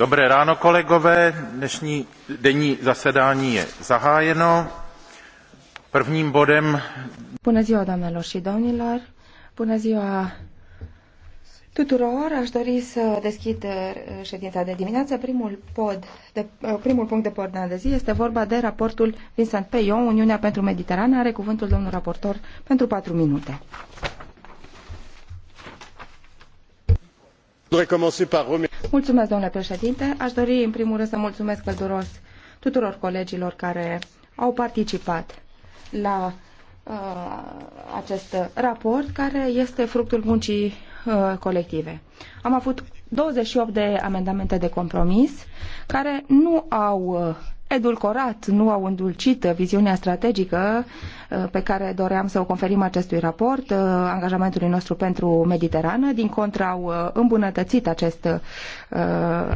Dobré ráno, kolegové. Dnešní denní zasedání je zahájeno. Prvním bodem... Bună ziua, doamnelor și domnilor. Bună ziua tuturor. Aș dori să deschid eh, ședința de dimineață. Primul, pod de, eh, primul punct de ordine de zi este vorba de raportul Vincent Peio, Uniunea pentru Mediterana. Are cuvântul domnul raportor pentru patru minute. voudrais commencer par remercier Mulțumesc, domnule președinte. Aș dori, în primul rând, să mulțumesc călduros tuturor colegilor care au participat la uh, acest raport, care este fructul muncii uh, colective. Am avut 28 de amendamente de compromis care nu au uh, edulcorat, nu au îndulcit viziunea strategică uh, pe care doream să o conferim acestui raport, uh, angajamentului nostru pentru Mediterană. Din contra, au uh, îmbunătățit acest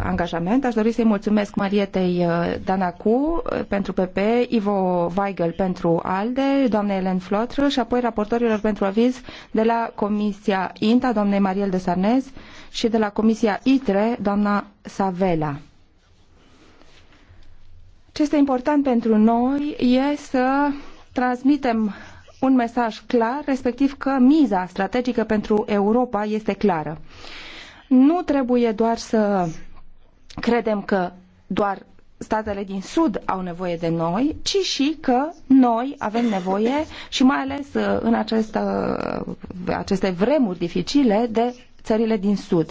angajament. Aș dori să-i mulțumesc Marietei Danacu pentru PP, Ivo Weigel pentru ALDE, doamnei Elen Flotră și apoi raportorilor pentru aviz de la Comisia INTA, doamnei Mariel de Sarnez și de la Comisia ITRE, doamna Savela. Ce este important pentru noi e să transmitem un mesaj clar, respectiv că miza strategică pentru Europa este clară. Nu trebuie doar să credem că doar statele din Sud au nevoie de noi, ci și că noi avem nevoie și mai ales uh, în această, uh, aceste vremuri dificile de țările din Sud.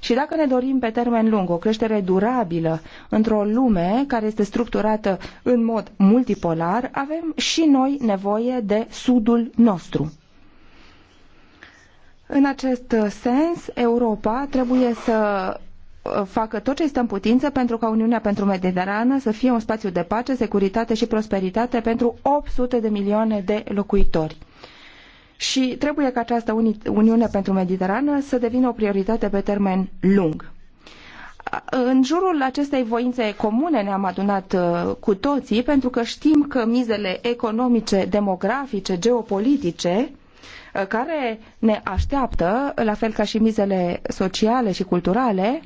Și dacă ne dorim pe termen lung o creștere durabilă într-o lume care este structurată în mod multipolar, avem și noi nevoie de sudul nostru. În acest sens, Europa trebuie să uh, facă tot ce este în putință pentru ca Uniunea pentru Mediterană să fie un spațiu de pace, securitate și prosperitate pentru 800 de milioane de locuitori și trebuie ca această uni Uniune pentru Mediterană să devină o prioritate pe termen lung. În jurul acestei voințe comune ne-am adunat uh, cu toții pentru că știm că mizele economice, demografice, geopolitice uh, care ne așteaptă, la fel ca și mizele sociale și culturale,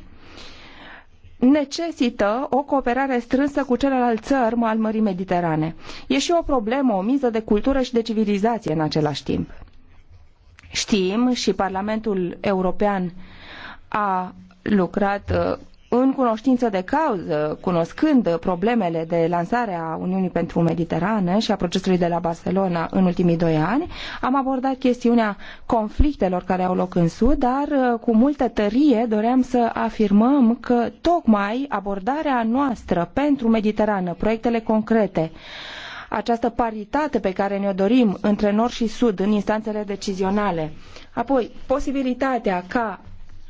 necesită o cooperare strânsă cu celelalte țări al Mării Mediterane. E și o problemă, o miză de cultură și de civilizație în același timp. Știm și Parlamentul European a lucrat uh, în cunoștință de cauză, cunoscând problemele de lansare a Uniunii pentru Mediterană și a procesului de la Barcelona în ultimii doi ani, am abordat chestiunea conflictelor care au loc în Sud, dar uh, cu multă tărie doream să afirmăm că tocmai abordarea noastră pentru Mediterană, proiectele concrete, această paritate pe care ne-o dorim între nord și sud în instanțele decizionale. Apoi, posibilitatea ca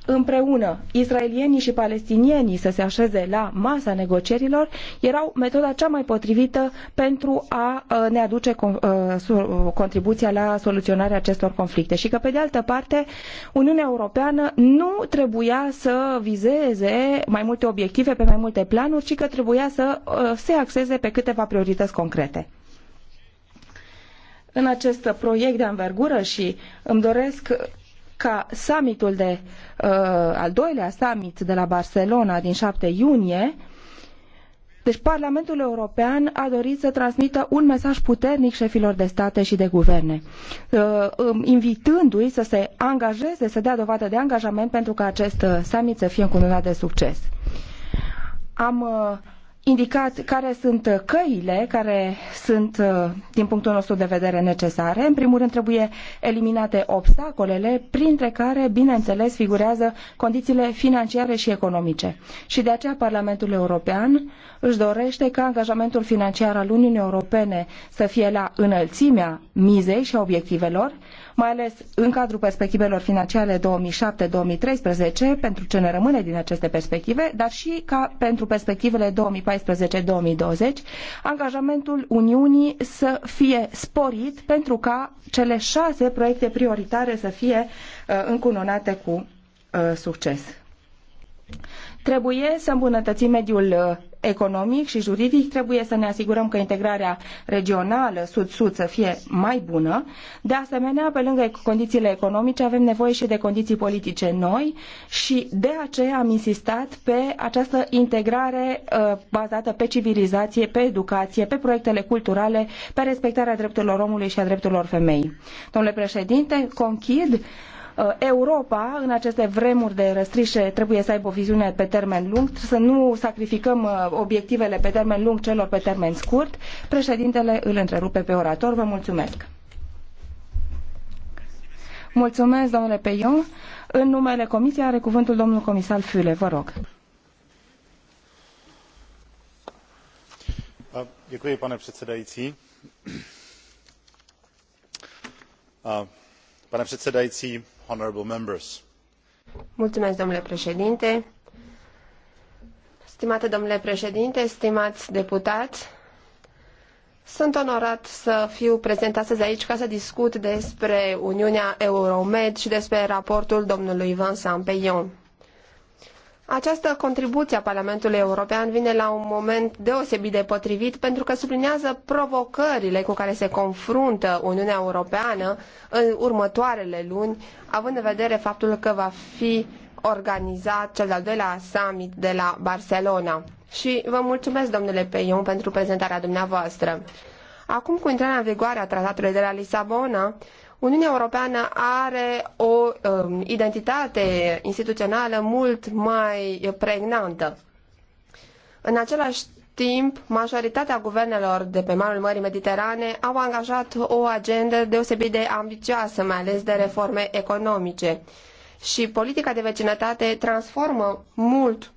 împreună israelienii și palestinienii să se așeze la masa negocierilor erau metoda cea mai potrivită pentru a uh, ne aduce uh, uh, contribuția la soluționarea acestor conflicte și că pe de altă parte Uniunea Europeană nu trebuia să vizeze mai multe obiective pe mai multe planuri, ci că trebuia să se axeze pe câteva priorități concrete în acest proiect de anvergură și îmi doresc ca summitul de uh, al doilea summit de la Barcelona din 7 iunie deci Parlamentul European a dorit să transmită un mesaj puternic șefilor de state și de guverne, uh, um, invitându-i să se angajeze, să dea dovadă de angajament pentru ca acest uh, summit să fie încununat de succes. Am uh, indicat care sunt uh, căile care sunt, uh, din punctul nostru de vedere, necesare. În primul rând, trebuie eliminate obstacolele, printre care, bineînțeles, figurează condițiile financiare și economice. Și de aceea Parlamentul European își dorește ca angajamentul financiar al Uniunii Europene să fie la înălțimea mizei și a obiectivelor, mai ales în cadrul perspectivelor financiare 2007-2013, pentru ce ne rămâne din aceste perspective, dar și ca pentru perspectivele 2014-2020, angajamentul Uniunii să fie sporit pentru ca cele șase proiecte prioritare să fie uh, încununate cu uh, succes. Trebuie să îmbunătățim mediul uh, economic și juridic, trebuie să ne asigurăm că integrarea regională sud-sud să fie mai bună. De asemenea, pe lângă condițiile economice, avem nevoie și de condiții politice noi și de aceea am insistat pe această integrare uh, bazată pe civilizație, pe educație, pe proiectele culturale, pe respectarea drepturilor omului și a drepturilor femei. Domnule președinte, conchid Uh, Europa, în aceste vremuri de răstrișe, trebuie să aibă o viziune pe termen lung, să nu sacrificăm uh, obiectivele pe termen lung celor pe termen scurt. Președintele îl întrerupe pe orator. Vă mulțumesc. Mulțumesc, domnule Peion. În numele Comisiei are cuvântul domnul comisar Füle. Vă rog. Děkuji, pane předsedající. Pane předsedající, honourable members. Mulțumesc, domnule președinte. Stimate domnule președinte, stimați deputați, sunt onorat să fiu prezent astăzi aici ca să discut despre Uniunea Euromed și despre raportul domnului Vincent Peillon. Această contribuție a Parlamentului European vine la un moment deosebit de potrivit pentru că sublinează provocările cu care se confruntă Uniunea Europeană în următoarele luni, având în vedere faptul că va fi organizat cel de-al doilea summit de la Barcelona. Și vă mulțumesc, domnule Peion, pentru prezentarea dumneavoastră. Acum, cu intrarea în vigoare a tratatului de la Lisabona, Uniunea Europeană are o um, identitate instituțională mult mai pregnantă. În același timp, majoritatea guvernelor de pe malul Mării Mediterane au angajat o agendă deosebit de ambițioasă, mai ales de reforme economice. Și politica de vecinătate transformă mult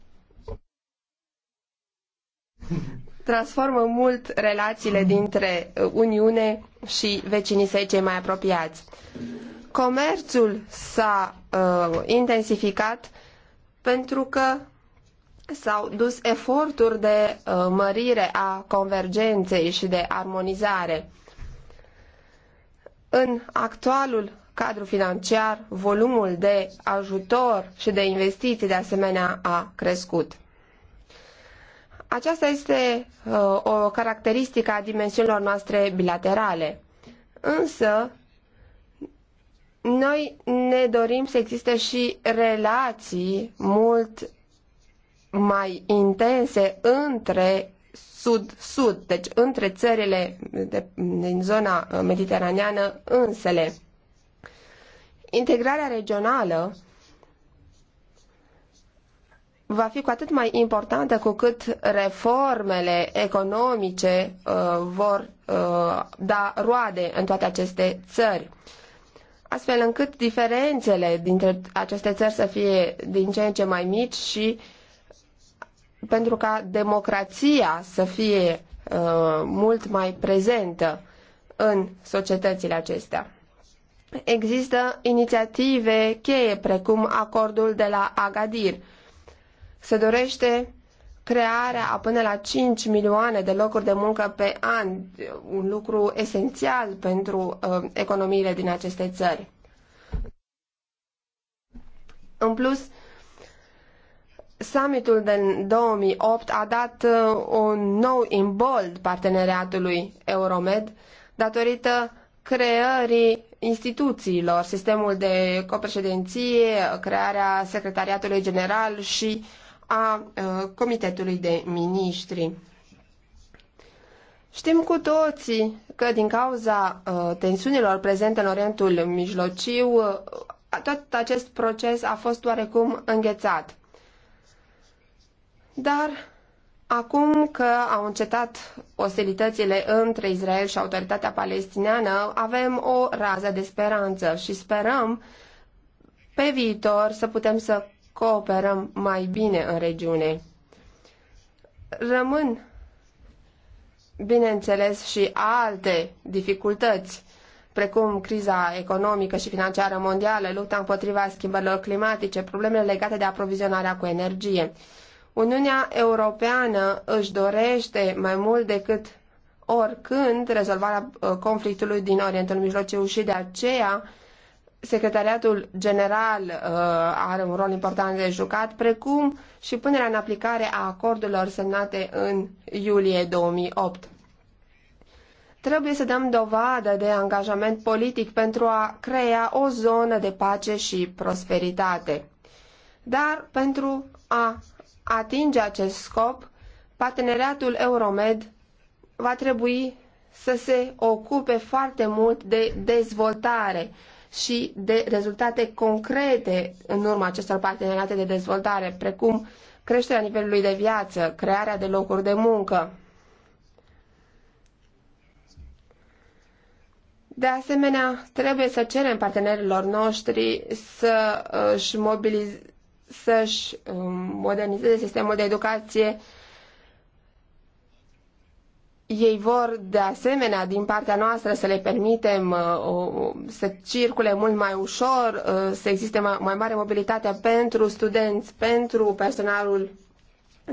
transformă mult relațiile dintre uh, Uniune și vecinii săi cei mai apropiați. Comerțul s-a uh, intensificat pentru că s-au dus eforturi de uh, mărire a convergenței și de armonizare. În actualul cadru financiar, volumul de ajutor și de investiții de asemenea a crescut. Aceasta este uh, o caracteristică a dimensiunilor noastre bilaterale. Însă, noi ne dorim să existe și relații mult mai intense între sud-sud, deci între țările de, din zona uh, mediteraneană însele. Integrarea regională va fi cu atât mai importantă cu cât reformele economice uh, vor uh, da roade în toate aceste țări, astfel încât diferențele dintre aceste țări să fie din ce în ce mai mici și pentru ca democrația să fie uh, mult mai prezentă în societățile acestea. Există inițiative cheie precum acordul de la Agadir, se dorește crearea a până la 5 milioane de locuri de muncă pe an, un lucru esențial pentru uh, economiile din aceste țări. În plus, summitul din 2008 a dat uh, un nou imbold parteneriatului Euromed datorită creării instituțiilor, sistemul de copreședinție, crearea secretariatului general și uh, a Comitetului de Ministri. Știm cu toții că din cauza tensiunilor prezente în Orientul Mijlociu, tot acest proces a fost oarecum înghețat. Dar acum că au încetat ostilitățile între Israel și autoritatea palestiniană, avem o rază de speranță și sperăm pe viitor să putem să cooperăm mai bine în regiune. Rămân, bineînțeles, și alte dificultăți, precum criza economică și financiară mondială, lupta împotriva schimbărilor climatice, problemele legate de aprovizionarea cu energie. Uniunea Europeană își dorește mai mult decât oricând rezolvarea uh, conflictului din Orientul Mijlociu și de aceea Secretariatul General uh, are un rol important de jucat, precum și punerea în aplicare a acordurilor semnate în iulie 2008. Trebuie să dăm dovadă de angajament politic pentru a crea o zonă de pace și prosperitate. Dar pentru a atinge acest scop, parteneriatul Euromed va trebui să se ocupe foarte mult de dezvoltare și de rezultate concrete în urma acestor parteneriate de dezvoltare, precum creșterea nivelului de viață, crearea de locuri de muncă. De asemenea, trebuie să cerem partenerilor noștri să uh, își, mobiliz- să-și um, modernizeze sistemul de educație ei vor, de asemenea, din partea noastră să le permitem uh, să circule mult mai ușor, uh, să existe mai mare mobilitate pentru studenți, pentru personalul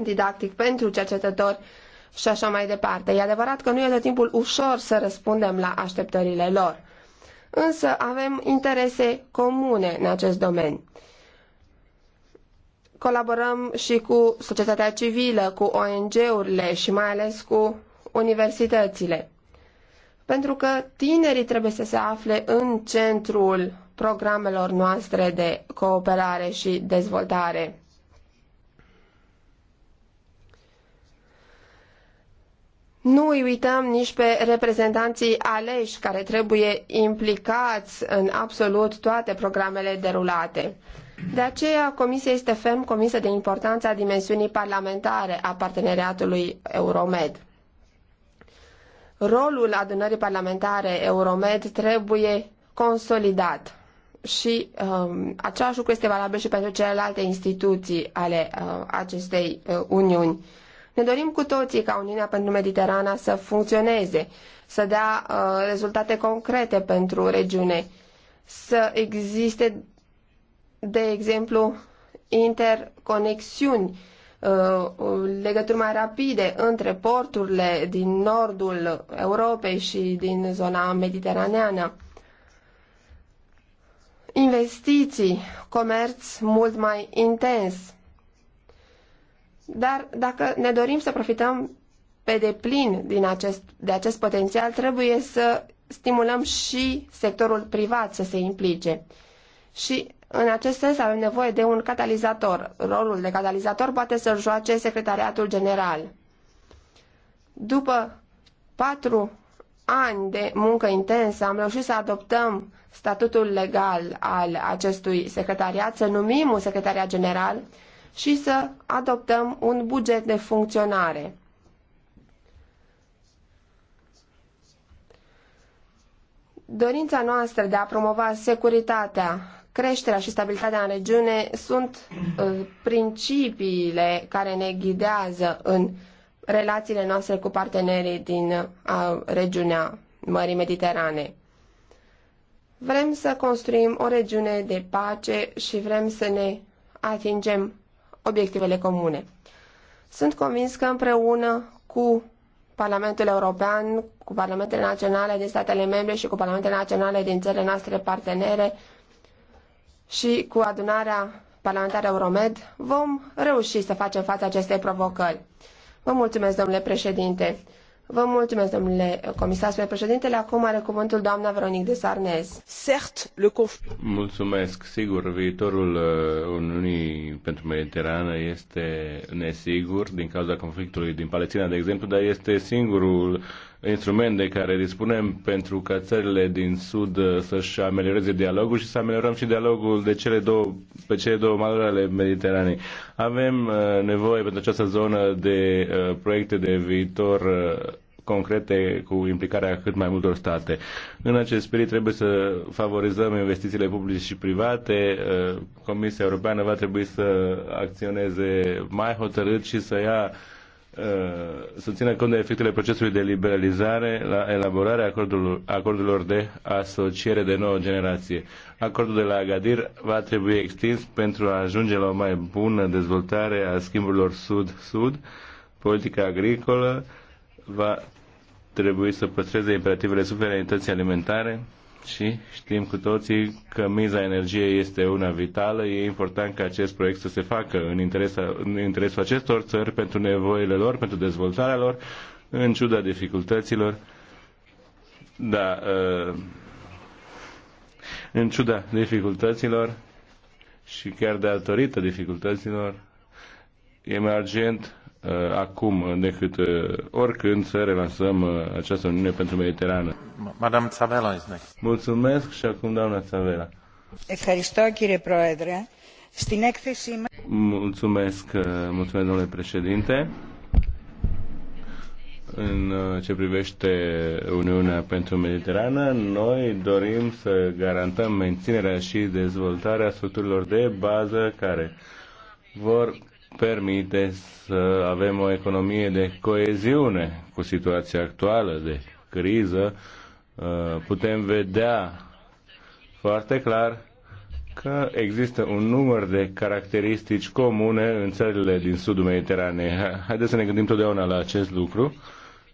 didactic, pentru cercetători și așa mai departe. E adevărat că nu e tot timpul ușor să răspundem la așteptările lor, însă avem interese comune în acest domeniu. Colaborăm și cu societatea civilă, cu ONG-urile și mai ales cu universitățile. Pentru că tinerii trebuie să se afle în centrul programelor noastre de cooperare și dezvoltare. Nu îi uităm nici pe reprezentanții aleși care trebuie implicați în absolut toate programele derulate. De aceea, Comisia este ferm comisă de importanța dimensiunii parlamentare a parteneriatului Euromed rolul adunării parlamentare Euromed trebuie consolidat și um, același lucru este valabil și pentru celelalte instituții ale uh, acestei uh, uniuni. Ne dorim cu toții ca Uniunea pentru Mediterana să funcționeze, să dea uh, rezultate concrete pentru regiune, să existe, de exemplu, interconexiuni Uh, uh, legături mai rapide între porturile din nordul Europei și din zona mediteraneană. Investiții, comerț mult mai intens. Dar dacă ne dorim să profităm pe deplin din acest, de acest potențial, trebuie să stimulăm și sectorul privat să se implice. Și în acest sens avem nevoie de un catalizator. Rolul de catalizator poate să-l joace Secretariatul General. După patru ani de muncă intensă am reușit să adoptăm statutul legal al acestui secretariat, să numim un secretariat general și să adoptăm un buget de funcționare. Dorința noastră de a promova securitatea creșterea și stabilitatea în regiune sunt uh, principiile care ne ghidează în relațiile noastre cu partenerii din uh, regiunea Mării Mediterane. Vrem să construim o regiune de pace și vrem să ne atingem obiectivele comune. Sunt convins că împreună cu Parlamentul European, cu Parlamentele Naționale din statele membre și cu Parlamentele Naționale din țările noastre partenere, și cu adunarea parlamentară Euromed vom reuși să facem față acestei provocări. Vă mulțumesc, domnule președinte. Vă mulțumesc, domnule comisar, spre președintele. Acum are cuvântul doamna Veronique de Sarnez. Cert, le conf... Mulțumesc. Sigur, viitorul uh, Uniunii pentru Mediterană este nesigur din cauza conflictului din Palestina, de exemplu, dar este singurul instrument de care dispunem pentru ca țările din Sud uh, să-și amelioreze dialogul și să ameliorăm și dialogul de cele două, pe cele două maluri ale Mediteranei. Avem uh, nevoie pentru această zonă de uh, proiecte de viitor concrete cu implicarea cât mai multor state. În acest spirit trebuie să favorizăm investițiile publice și private. Comisia Europeană va trebui să acționeze mai hotărât și să ia Uh, să țină cont de efectele procesului de liberalizare la elaborarea acordurilor, de asociere de nouă generație. Acordul de la Agadir va trebui extins pentru a ajunge la o mai bună dezvoltare a schimburilor sud-sud. Politica agricolă va trebui să păstreze imperativele suverenității alimentare, și știm cu toții că miza energiei este una vitală. E important ca acest proiect să se facă în, interesul, în interesul acestor țări, pentru nevoile lor, pentru dezvoltarea lor, în ciuda dificultăților. Da, uh, în ciuda dificultăților și chiar datorită dificultăților, e mai urgent Uh, acum decât uh, oricând să relansăm uh, această Uniune pentru Mediterană. Madame Tzavela is next. Mulțumesc și acum doamna Tzavela. Mulțumesc, mulțumesc domnule președinte. În ce privește Uniunea pentru Mediterană, noi dorim să garantăm menținerea și dezvoltarea structurilor de bază care vor permite să avem o economie de coeziune cu situația actuală de criză, uh, putem vedea foarte clar că există un număr de caracteristici comune în țările din sudul Mediteranei. Haideți să ne gândim totdeauna la acest lucru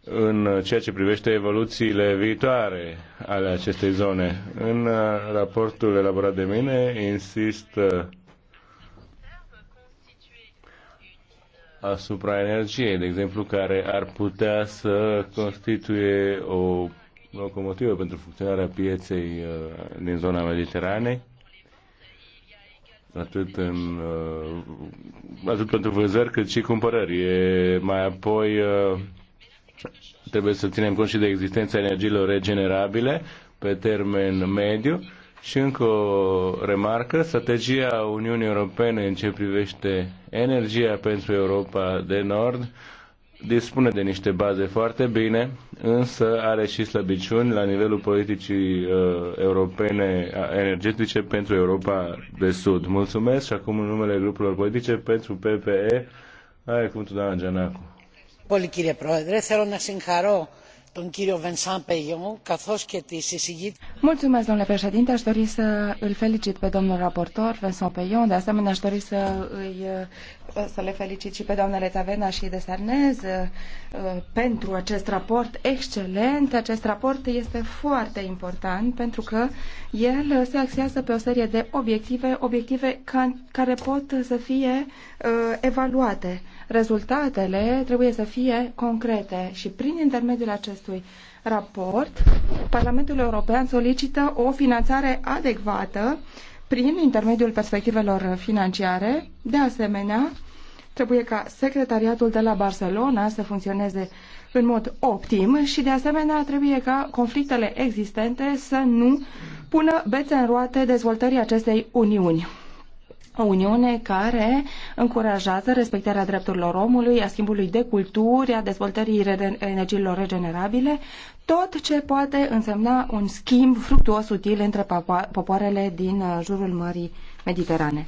în ceea ce privește evoluțiile viitoare ale acestei zone. În uh, raportul elaborat de mine insist asupra energiei, de exemplu, care ar putea să constituie o locomotivă pentru funcționarea pieței uh, din zona Mediteranei, atât, în, uh, atât pentru vânzări cât și cumpărări. E, mai apoi uh, trebuie să ținem cont și de existența energiilor regenerabile pe termen mediu și încă o remarcă, strategia Uniunii Europene în ce privește energia pentru Europa de Nord dispune de niște baze foarte bine, însă are și slăbiciuni la nivelul politicii uh, europene energetice pentru Europa de Sud. Mulțumesc și acum în numele grupurilor politice pentru PPE, ai cuvântul doamna Gianacu. Polichire, proedre, să Mulțumesc, domnule președinte. Aș dori să îl felicit pe domnul raportor, Vincent Peillon. De asemenea, aș dori să, îi, să le felicit și pe doamnele Tavena și de Sarnez uh, pentru acest raport excelent. Acest raport este foarte important pentru că el se axează pe o serie de obiective, obiective care pot să fie uh, evaluate Rezultatele trebuie să fie concrete și prin intermediul acestui raport, Parlamentul European solicită o finanțare adecvată prin intermediul perspectivelor financiare. De asemenea, trebuie ca secretariatul de la Barcelona să funcționeze în mod optim și, de asemenea, trebuie ca conflictele existente să nu pună bețe în roate dezvoltării acestei uniuni o Uniune care încurajează respectarea drepturilor omului, a schimbului de culturi, a dezvoltării energiilor regenerabile, tot ce poate însemna un schimb fructuos util între popoarele din uh, jurul Mării Mediterane.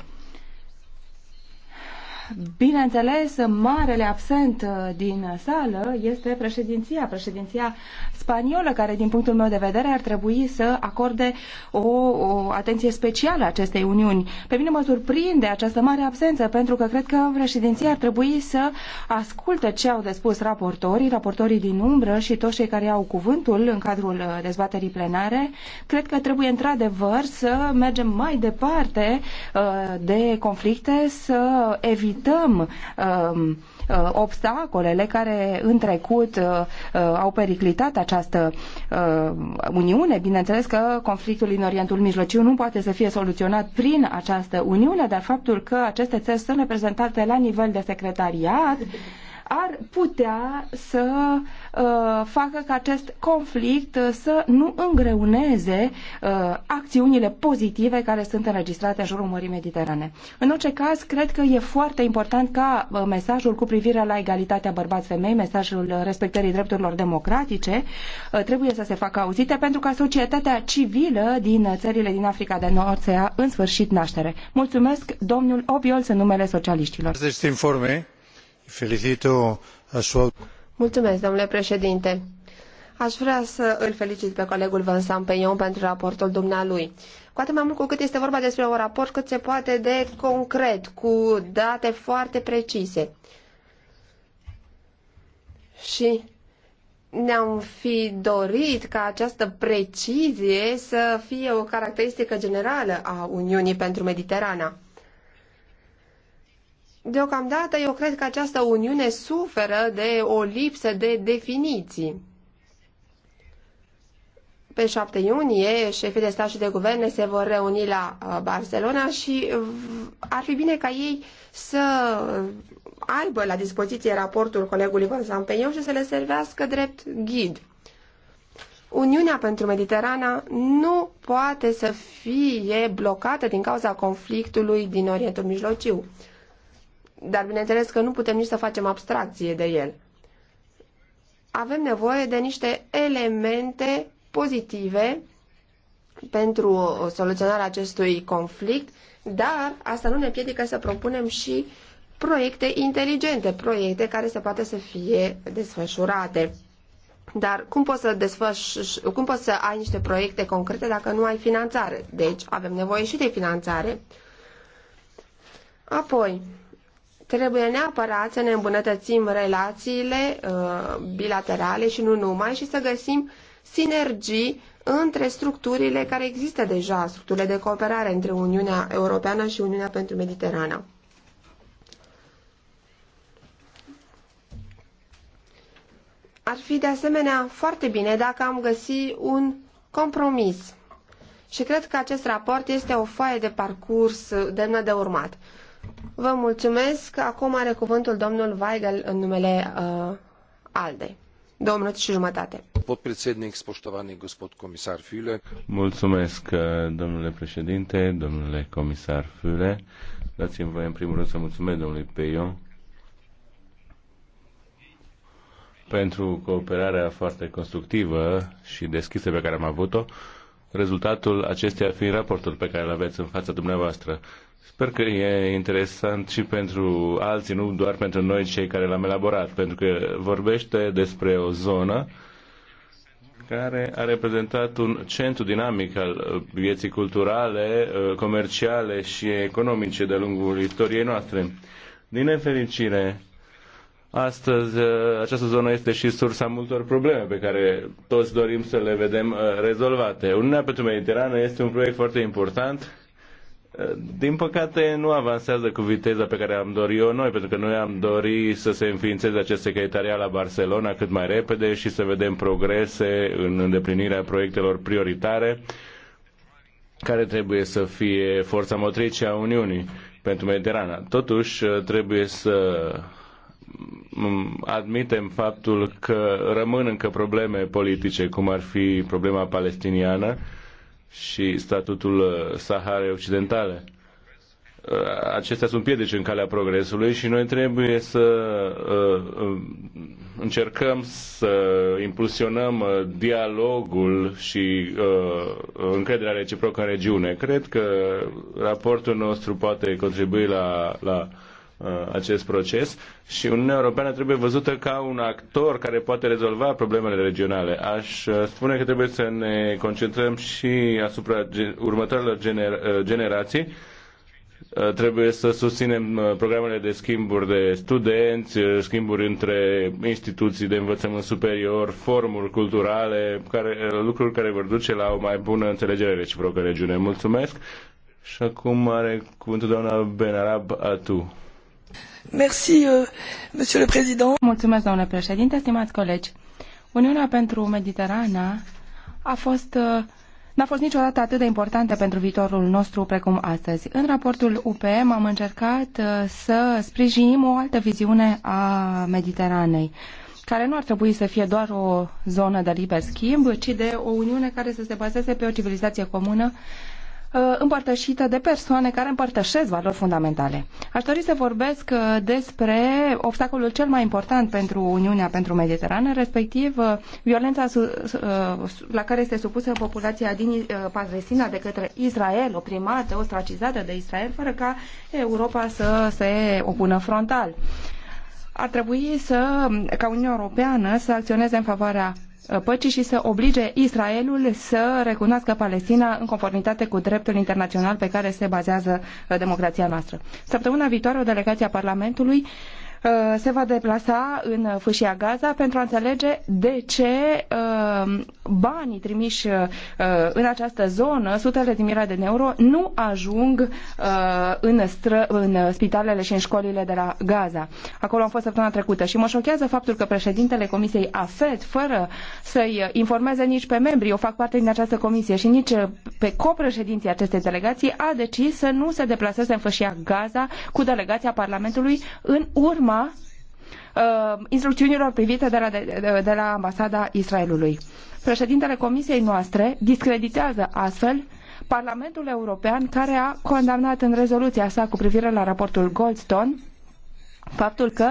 Bineînțeles, marele absent uh, din sală este președinția, președinția spaniolă, care din punctul meu de vedere ar trebui să acorde o, o atenție specială acestei uniuni. Pe mine mă surprinde această mare absență, pentru că cred că președinția ar trebui să asculte ce au de spus raportorii, raportorii din umbră și toți cei care au cuvântul în cadrul uh, dezbaterii plenare. Cred că trebuie într-adevăr să mergem mai departe uh, de conflicte, să evităm evităm um, uh, obstacolele care în trecut uh, uh, au periclitat această Uniune. Bineînțeles că conflictul din Orientul Mijlociu nu poate să fie soluționat prin această Uniune, dar faptul că aceste țări sunt reprezentate la nivel de secretariat ar putea să uh, facă ca acest conflict uh, să nu îngreuneze uh, acțiunile pozitive care sunt înregistrate în jurul Mării Mediterane. În orice caz, cred că e foarte important ca mesajul cu privire la egalitatea bărbați-femei, mesajul respectării drepturilor democratice, trebuie să se facă auzite pentru ca societatea civilă din țările din Africa de Nord să ia în sfârșit naștere. Mulțumesc, domnul Obiol, în numele socialiștilor. Este informe Felicito domnule președinte. Aș vrea să îl felicit pe colegul Van Sampeion pentru raportul dumnealui. Cu atât mai mult cu cât este vorba despre un raport cât se poate de concret, cu date foarte precise. Și ne-am fi dorit ca această precizie să fie o caracteristică generală a Uniunii pentru Mediterana. Deocamdată eu cred că această uniune suferă de o lipsă de definiții. Pe 7 iunie, șefii de stat și de guverne se vor reuni la uh, Barcelona și ar fi bine ca ei să aibă la dispoziție raportul colegului Van Peiu și să le servească drept ghid. Uniunea pentru Mediterana nu poate să fie blocată din cauza conflictului din Orientul Mijlociu dar bineînțeles că nu putem nici să facem abstracție de el. Avem nevoie de niște elemente pozitive pentru soluționarea acestui conflict, dar asta nu ne piedică să propunem și proiecte inteligente, proiecte care se poate să fie desfășurate. Dar cum poți, să desfăș, cum poți să ai niște proiecte concrete dacă nu ai finanțare? Deci avem nevoie și de finanțare. Apoi, Trebuie neapărat să ne îmbunătățim relațiile uh, bilaterale și nu numai și să găsim sinergii între structurile care există deja, structurile de cooperare între Uniunea Europeană și Uniunea pentru Mediterana. Ar fi de asemenea foarte bine dacă am găsi un compromis. Și cred că acest raport este o foaie de parcurs demnă de urmat. Vă mulțumesc. Acum are cuvântul domnul Weigel în numele uh, ALDE. Două minute și jumătate. Podpredsednic, spoștovanii, gospod comisar Füle. Mulțumesc, uh, domnule președinte, domnule comisar Füle. Dați-mi voie în primul rând să mulțumesc domnului Peion pentru cooperarea foarte constructivă și deschisă pe care am avut-o, rezultatul acesteia fiind raportul pe care îl aveți în fața dumneavoastră. Sper că e interesant și pentru alții, nu doar pentru noi cei care l-am elaborat, pentru că vorbește despre o zonă care a reprezentat un centru dinamic al uh, vieții culturale, uh, comerciale și economice de-a lungul istoriei noastre. Din nefericire, astăzi uh, această zonă este și sursa multor probleme pe care toți dorim să le vedem rezolvate. Uniunea pentru Mediterană este un proiect foarte important din păcate nu avansează cu viteza pe care am dorit eu noi, pentru că noi am dorit să se înființeze acest secretariat la Barcelona cât mai repede și să vedem progrese în îndeplinirea proiectelor prioritare care trebuie să fie forța motrice a Uniunii pentru Mediterana. Totuși, trebuie să admitem faptul că rămân încă probleme politice, cum ar fi problema palestiniană, și statutul uh, Saharei Occidentale. Uh, acestea sunt piedici în calea progresului și noi trebuie să uh, um, încercăm să impulsionăm dialogul și încrederea reciprocă în regiune. Cred că raportul nostru poate contribui la, la Uh, acest proces și Uniunea Europeană trebuie văzută ca un actor care poate rezolva problemele regionale. Aș uh, spune că trebuie să ne concentrăm și asupra următoarelor gener- uh, generații trebuie să susținem programele de schimburi de studenți, schimburi între instituții de învățământ superior, formuri culturale, care, lucruri care vor duce la o mai bună înțelegere reciprocă în regiune. Mulțumesc! Și acum are cuvântul doamna Benarab Atu. Euh, domnule președinte, stimați colegi. Uniunea pentru Mediterana a fost uh, n-a fost niciodată atât de importantă pentru viitorul nostru precum astăzi. În raportul UPM am încercat uh, să sprijinim o altă viziune a Mediteranei care nu ar trebui să fie doar o zonă de liber schimb, ci de o uniune care să se bazeze pe o civilizație comună Uh, împărtășită de persoane care împărtășesc valori fundamentale. Aș dori să vorbesc uh, despre obstacolul cel mai important pentru Uniunea pentru Mediterană, respectiv uh, violența la care este supusă populația din Palestina de către Israel, oprimată, ostracizată de Israel, fără ca Europa să se opună frontal ar trebui să, ca Uniunea Europeană să acționeze în favoarea Uh, păcii și să oblige Israelul să recunoască Palestina în conformitate cu dreptul internațional pe care se bazează uh, democrația noastră. Săptămâna viitoare, o delegație a Parlamentului uh, Uh, se va deplasa în fâșia Gaza pentru a înțelege de ce uh, banii trimiși uh, în această zonă, sutele de milioane de euro, nu ajung în, stră, în spitalele și în școlile de la Gaza. Acolo am fost săptămâna trecută și mă șochează faptul că președintele Comisiei AFET, fără să-i informeze nici pe membrii, eu fac parte din această comisie și nici pe copreședinții acestei delegații, a decis să nu se deplaseze în fâșia Gaza cu delegația Parlamentului în urma urma uh, instrucțiunilor privite de la, de, de la ambasada Israelului. Președintele Comisiei noastre discreditează astfel Parlamentul European care a condamnat în rezoluția sa cu privire la raportul Goldstone faptul că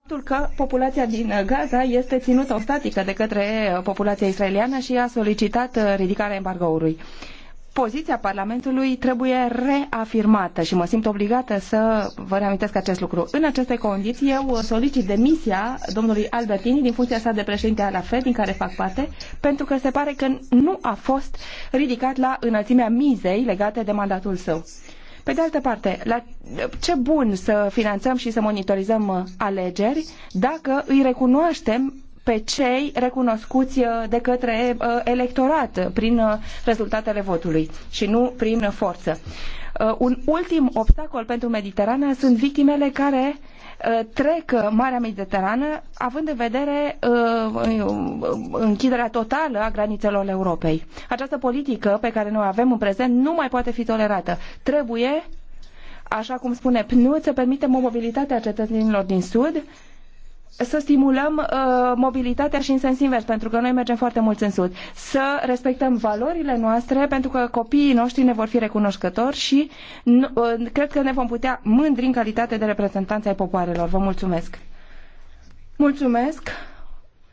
faptul că populația din Gaza este ținută ostatică de către populația israeliană și a solicitat uh, ridicarea embargoului. Uh, poziția Parlamentului trebuie reafirmată și mă simt obligată să vă reamintesc acest lucru. În aceste condiții, eu solicit demisia domnului Albertini din funcția sa de președinte al AFED, din care fac parte, pentru că se pare că nu a fost ridicat la înălțimea mizei legate de mandatul său. Pe de altă parte, la ce bun să finanțăm și să monitorizăm alegeri dacă îi recunoaștem pe cei recunoscuți uh, de către uh, electorat prin uh, rezultatele votului și nu prin forță. Un ultim obstacol pentru Mediterana sunt victimele care trec Marea Mediterană având în vedere închiderea totală a granițelor Europei. Această politică pe care noi o avem în prezent nu mai poate fi tolerată. Trebuie, așa cum spune PNUD, să permitem o mobilitate a cetățenilor din Sud, să stimulăm uh, mobilitatea și în sens invers, pentru că noi mergem foarte mult în sud. Să respectăm valorile noastre, pentru că copiii noștri ne vor fi recunoscători și uh, cred că ne vom putea mândri în calitate de reprezentanți ai popoarelor. Vă mulțumesc! Mulțumesc!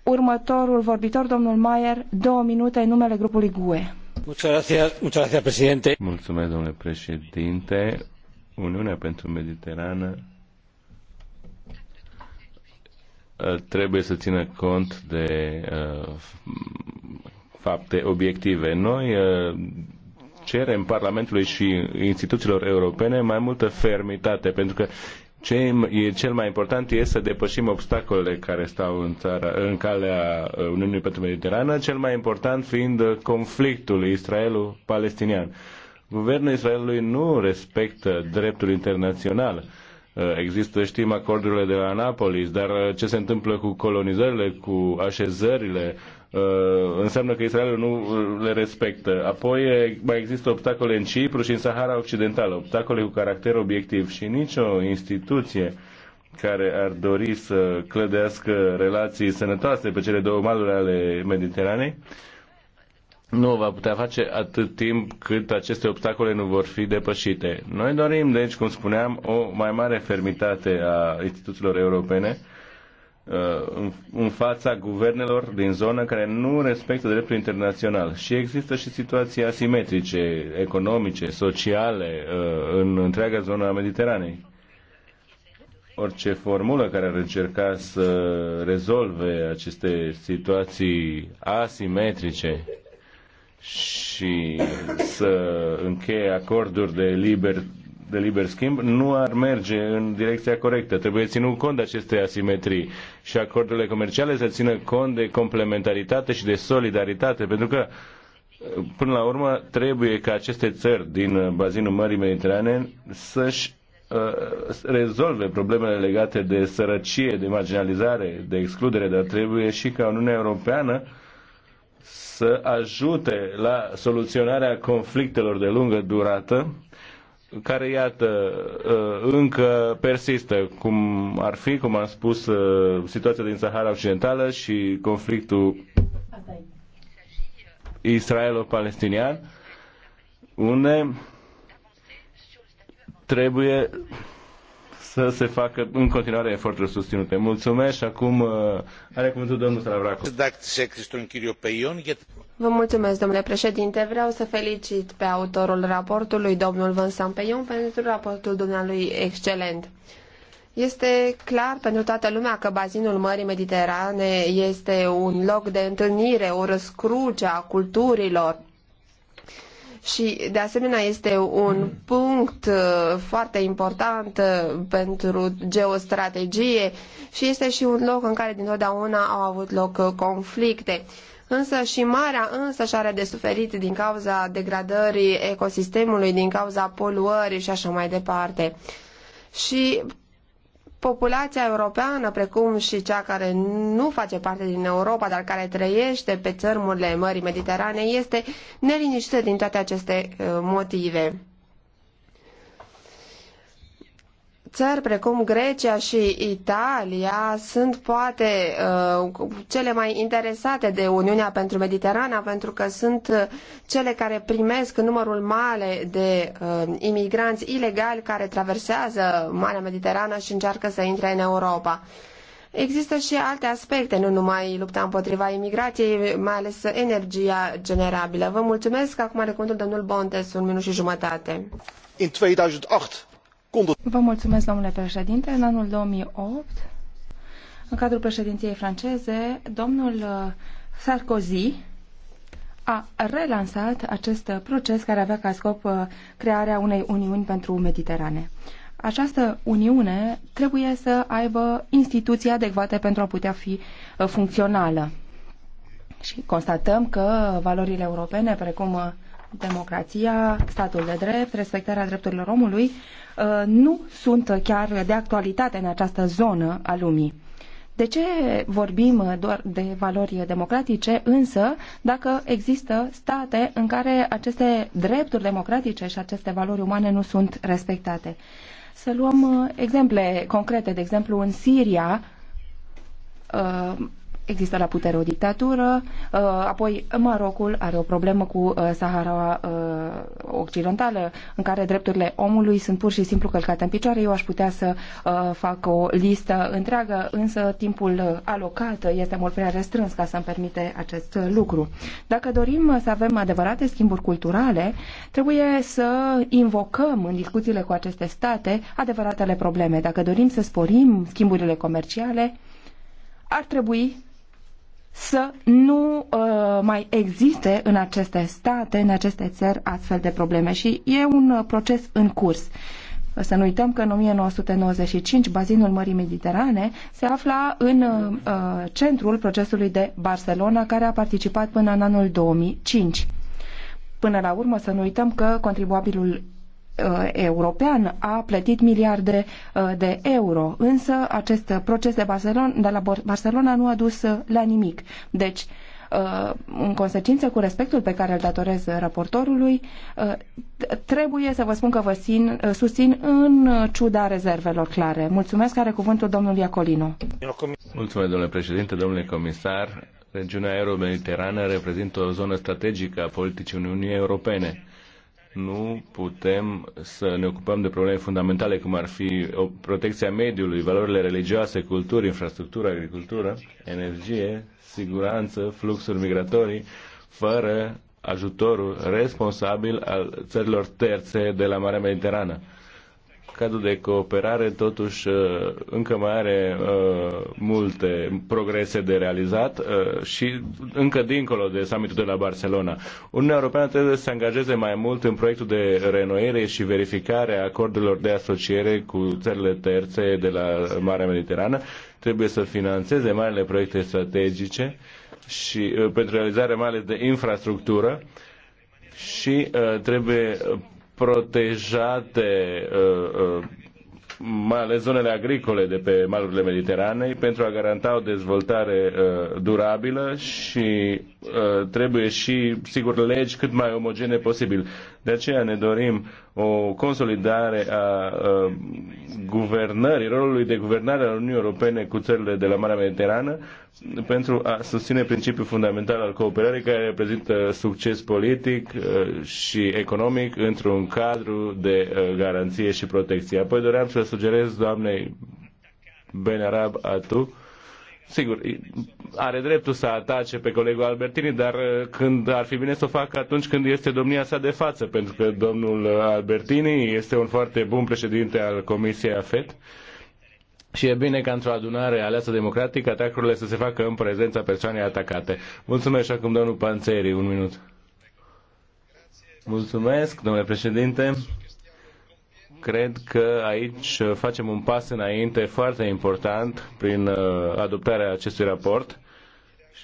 Următorul vorbitor, domnul Maier, două minute în numele grupului GUE. Mulțumesc, mulțumesc, președinte. Mulțumesc, domnule președinte. Uniunea pentru Mediterană Uh, trebuie să țină cont de uh, fapte obiective. Noi uh, cerem Parlamentului și instituțiilor europene mai multă fermitate, pentru că ce e cel mai important este să depășim obstacolele care stau în, țara, în calea Uniunii pentru Mediterană, cel mai important fiind conflictul israelu palestinian Guvernul Israelului nu respectă dreptul internațional. Uh, Uh, există, știm, acordurile de la Anapolis, dar uh, ce se întâmplă cu colonizările, cu așezările, uh, înseamnă că Israelul nu le respectă. Apoi mai există obstacole în Cipru și în Sahara Occidentală, obstacole cu caracter obiectiv și nicio instituție care ar dori să clădească relații sănătoase pe cele două maluri ale Mediteranei, nu o va putea face atât timp cât aceste obstacole nu vor fi depășite. Noi dorim, deci, cum spuneam, o mai mare fermitate a instituțiilor europene uh, în fața guvernelor din zonă care nu respectă dreptul internațional. Și există și situații asimetrice, economice, sociale uh, în întreaga zonă a Mediteranei. Orice formulă care ar încerca să rezolve aceste situații asimetrice și să încheie acorduri de liber de liber schimb nu ar merge în direcția corectă. Trebuie ținut cont de aceste asimetrii și acordurile comerciale să țină cont de complementaritate și de solidaritate, pentru că până la urmă trebuie ca aceste țări din bazinul Mării Mediterane să-și uh, rezolve problemele legate de sărăcie, de marginalizare, de excludere, dar trebuie și ca Uniunea Europeană să ajute la soluționarea conflictelor de lungă durată, care, iată, uh, încă persistă, cum ar fi, cum am spus, uh, situația din Sahara Occidentală și conflictul israelo-palestinian, unde trebuie să se facă în continuare eforturi susținute. Mulțumesc și acum uh, are cuvântul domnul Salavracu. Vă mulțumesc, domnule președinte. Vreau să felicit pe autorul raportului, domnul Vincent Peion, pentru raportul dumnealui excelent. Este clar pentru toată lumea că bazinul Mării Mediterane este un loc de întâlnire, o răscruce a culturilor, și de asemenea este un punct uh, foarte important uh, pentru geostrategie și este și un loc în care dintotdeauna au avut loc uh, conflicte. Însă și marea însă și are de suferit din cauza degradării ecosistemului, din cauza poluării și așa mai departe. Și populația europeană, precum și cea care nu face parte din Europa, dar care trăiește pe țărmurile Mării Mediterane, este neliniștită din toate aceste uh, motive. țări precum Grecia și Italia sunt poate uh, cele mai interesate de Uniunea pentru Mediterana pentru că sunt uh, cele care primesc numărul mare de uh, imigranți ilegali care traversează Marea Mediterană și încearcă să intre în Europa. Există și alte aspecte, nu numai lupta împotriva imigrației, mai ales energia generabilă. Vă mulțumesc. Acum are cuvântul domnul Bontes, un minut și jumătate. În 2008 Vă mulțumesc, domnule președinte. În anul 2008, în cadrul președinției franceze, domnul uh, Sarkozy a relansat acest proces care avea ca scop uh, crearea unei uniuni pentru Mediterane. Această uniune trebuie să aibă instituții adecvate pentru a putea fi uh, funcțională. Și constatăm că valorile europene, precum democrația, statul de drept, respectarea drepturilor omului, Uh, nu sunt chiar de actualitate în această zonă a lumii. De ce vorbim uh, doar de valori democratice, însă dacă există state în care aceste drepturi democratice și aceste valori umane nu sunt respectate? Să luăm uh, exemple concrete, de exemplu în Siria, există la putere o dictatură, uh, apoi Marocul are o problemă cu uh, Sahara uh, Occidentală, în care drepturile omului sunt pur și simplu călcate în picioare. Eu aș putea să fac o listă întreagă, însă timpul alocat este mult prea restrâns ca să-mi permite acest lucru. Dacă dorim să avem adevărate schimburi culturale, trebuie să invocăm în discuțiile cu aceste state adevăratele probleme. Dacă dorim să sporim schimburile comerciale, ar trebui să nu uh, mai existe în aceste state, în aceste țări, astfel de probleme. Și e un uh, proces în curs. Să nu uităm că în 1995 bazinul Mării Mediterane se afla în uh, uh, centrul procesului de Barcelona, care a participat până în anul 2005. Până la urmă, să nu uităm că contribuabilul Uh, european a plătit miliarde uh, de euro, însă acest proces de, Barcelona, de la Barcelona nu a dus uh, la nimic. Deci, în consecință cu respectul pe care îl datorez raportorului, trebuie să vă spun că vă sin, susțin în ciuda rezervelor clare. Mulțumesc, are cuvântul domnul Iacolino. Mulțumesc, domnule președinte, domnule comisar. Regiunea euro-mediterană reprezintă o zonă strategică a politicii Uniunii Europene nu putem să ne ocupăm de probleme fundamentale, cum ar fi protecția mediului, valorile religioase, culturi, infrastructură, agricultură, energie, siguranță, fluxuri migratorii, fără ajutorul responsabil al țărilor terțe de la Marea Mediterană cadrul de cooperare totuși uh, încă mai are uh, multe progrese de realizat uh, și încă dincolo de summitul de la Barcelona. Uniunea Europeană trebuie să se angajeze mai mult în proiectul de renoire și verificare a acordurilor de asociere cu țările terțe de la Marea Mediterană. Trebuie să financeze marile proiecte strategice și pentru realizarea mai ales de infrastructură și uh, trebuie protejate uh, uh, mai ales zonele agricole de pe malurile Mediteranei, pentru a garanta o dezvoltare uh, durabilă și trebuie și, sigur, legi cât mai omogene posibil. De aceea ne dorim o consolidare a guvernării, rolului de guvernare al Uniunii Europene cu țările de la Marea Mediterană pentru a susține principiul fundamental al cooperării care reprezintă succes politic uh, și economic într-un cadru de uh, garanție și protecție. Apoi doream să sugerez doamnei Benarab Atu Sigur, are dreptul să atace pe colegul Albertini, dar uh, când ar fi bine să o facă atunci când este domnia sa de față, pentru că domnul uh, Albertini este un foarte bun președinte al Comisiei AFET și e bine ca într-o adunare aleasă democratică atacurile să se facă în prezența persoanei atacate. Mulțumesc și acum domnul Panțeri, un minut. Mulțumesc, domnule președinte cred că aici facem un pas înainte foarte important prin uh, adoptarea acestui raport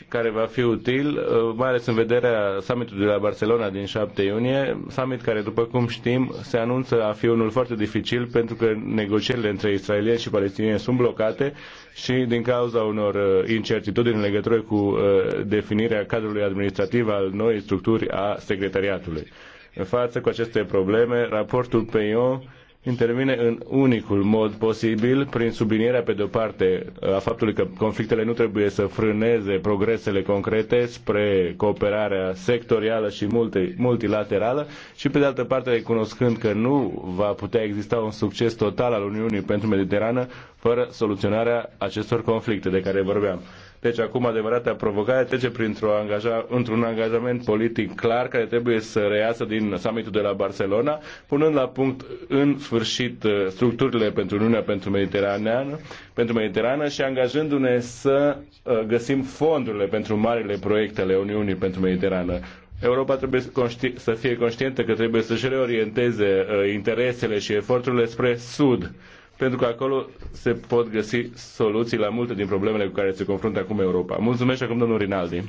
care va fi util, uh, mai ales în vederea summitului de la Barcelona din 7 iunie, summit care, după cum știm, se anunță a fi unul foarte dificil pentru că negocierile între israelieni și palestinieni sunt blocate și din cauza unor uh, incertitudini în legătură cu definirea cadrului administrativ al noii structuri a secretariatului. În față cu aceste probleme, raportul Peion intervine în unicul mod posibil, prin sublinierea, pe de-o parte, a faptului că conflictele nu trebuie să frâneze progresele concrete spre cooperarea sectorială și multi, multilaterală și, pe de altă parte, recunoscând că nu va putea exista un succes total al Uniunii pentru Mediterană fără soluționarea acestor conflicte de care vorbeam. Deci acum adevărata provocare trece printr-un angaja, într angajament politic clar care trebuie să reiasă din summitul de la Barcelona, punând la punct în sfârșit uh, structurile pentru Uniunea pentru Mediterană, pentru Mediterană și angajându-ne să uh, găsim fondurile pentru marile proiecte ale Uniunii pentru Mediterană. Europa trebuie să, să fie conștientă că trebuie să-și reorienteze uh, interesele și eforturile spre Sud pentru că acolo se pot găsi soluții la multe din problemele cu care se confruntă acum Europa. Mulțumesc acum domnul Rinaldi.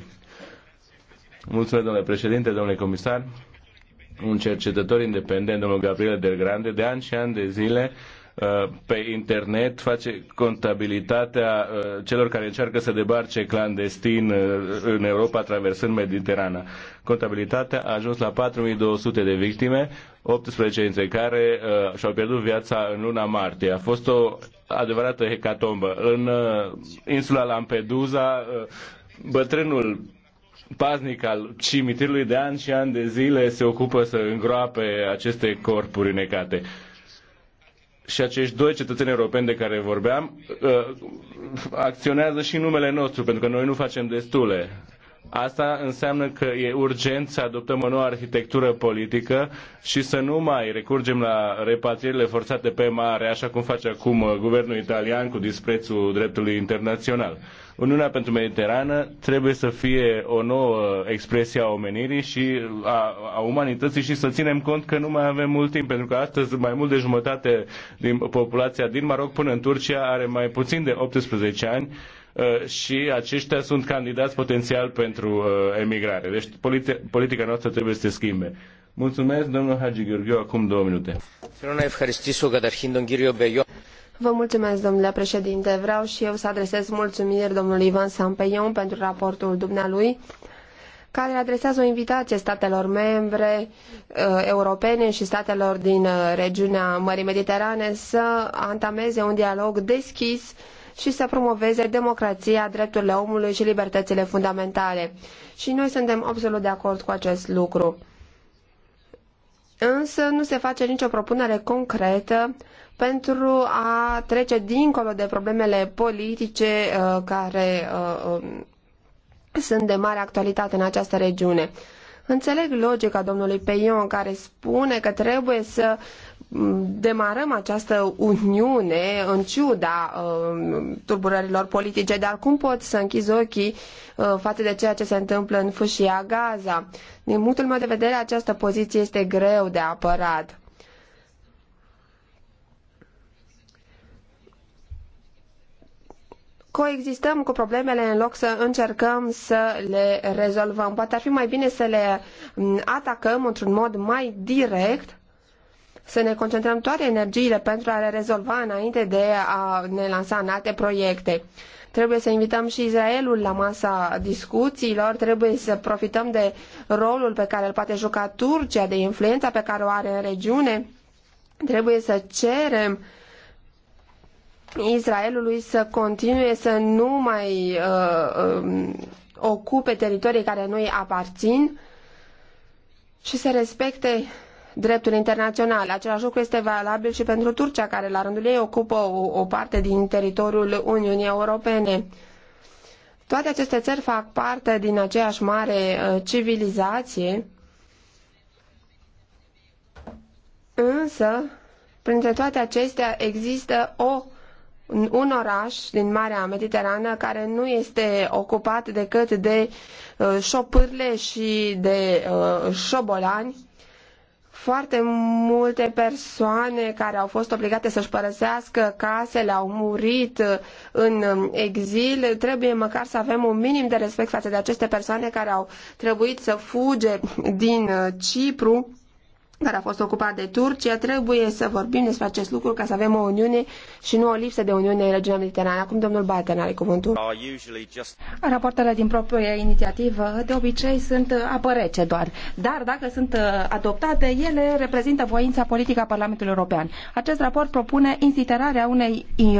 Mulțumesc, domnule președinte, domnule comisar. Un cercetător independent, domnul Gabriel Del Grande, de ani și ani de zile Uh, pe internet face contabilitatea uh, celor care încearcă să debarce clandestin uh, în Europa traversând Mediterana. Contabilitatea a ajuns la 4200 de victime, 18 dintre care și-au pierdut viața în luna martie. A fost o adevărată hecatombă. În insula Lampedusa, bătrânul paznic al cimitirului de ani și ani de zile se ocupă să îngroape aceste corpuri necate și acești doi cetățeni europeni de care vorbeam uh, acționează și numele nostru, pentru că noi nu facem destule Asta înseamnă că e urgent să adoptăm o nouă arhitectură politică și să nu mai recurgem la repatrierile forțate pe mare, așa cum face acum guvernul italian cu disprețul dreptului internațional. Uniunea pentru Mediterană trebuie să fie o nouă expresie a omenirii și a, a umanității și să ținem cont că nu mai avem mult timp, pentru că astăzi mai mult de jumătate din populația din Maroc până în Turcia are mai puțin de 18 ani Uh, și aceștia sunt candidați potențial pentru uh, emigrare. Deci politi- politica noastră trebuie să se schimbe. Mulțumesc, domnul Hagi Gheorghiu, acum două minute. Vă mulțumesc, domnule președinte. Vreau și eu să adresez mulțumiri domnului Ivan Sampeion pentru raportul dumnealui care adresează o invitație statelor membre uh, europene și statelor din regiunea Mării Mediterane să antameze un dialog deschis uh, și să promoveze democrația, drepturile omului și libertățile fundamentale. Și noi suntem absolut de acord cu acest lucru. Însă nu se face nicio propunere concretă pentru a trece dincolo de problemele politice uh, care uh, um, sunt de mare actualitate în această regiune. Înțeleg logica domnului Peion care spune că trebuie să demarăm această uniune în ciuda uh, tulburărilor politice, dar cum pot să închizi ochii uh, față de ceea ce se întâmplă în fâșia Gaza? Din punctul meu de vedere, această poziție este greu de apărat. coexistăm cu problemele în loc să încercăm să le rezolvăm. Poate ar fi mai bine să le mm, atacăm într-un mod mai direct să ne concentrăm toate energiile pentru a le rezolva înainte de a ne lansa în alte proiecte. Trebuie să invităm și Israelul la masa discuțiilor, trebuie să profităm de rolul pe care îl poate juca Turcia, de influența pe care o are în regiune. Trebuie să cerem Israelului să continue să nu mai uh, uh, ocupe teritorii care nu îi aparțin și să respecte dreptul internațional. Același lucru este valabil și pentru Turcia, care la rândul ei ocupă o, o parte din teritoriul Uniunii Europene. Toate aceste țări fac parte din aceeași mare uh, civilizație, însă, printre toate acestea, există o un oraș din Marea Mediterană care nu este ocupat decât de uh, șopârle și de uh, șobolani foarte multe persoane care au fost obligate să-și părăsească casele, au murit în exil. Trebuie măcar să avem un minim de respect față de aceste persoane care au trebuit să fuge din uh, Cipru care a fost ocupat de Turcia, trebuie să vorbim despre acest lucru ca să avem o uniune și nu o lipsă de uniune în regiunea mediterană. Acum domnul Biden are cuvântul. Rapoartele din proprie inițiativă de obicei sunt apă rece doar, dar dacă sunt uh, adoptate, ele reprezintă voința politică a Parlamentului European. Acest raport propune insiterarea unei uh,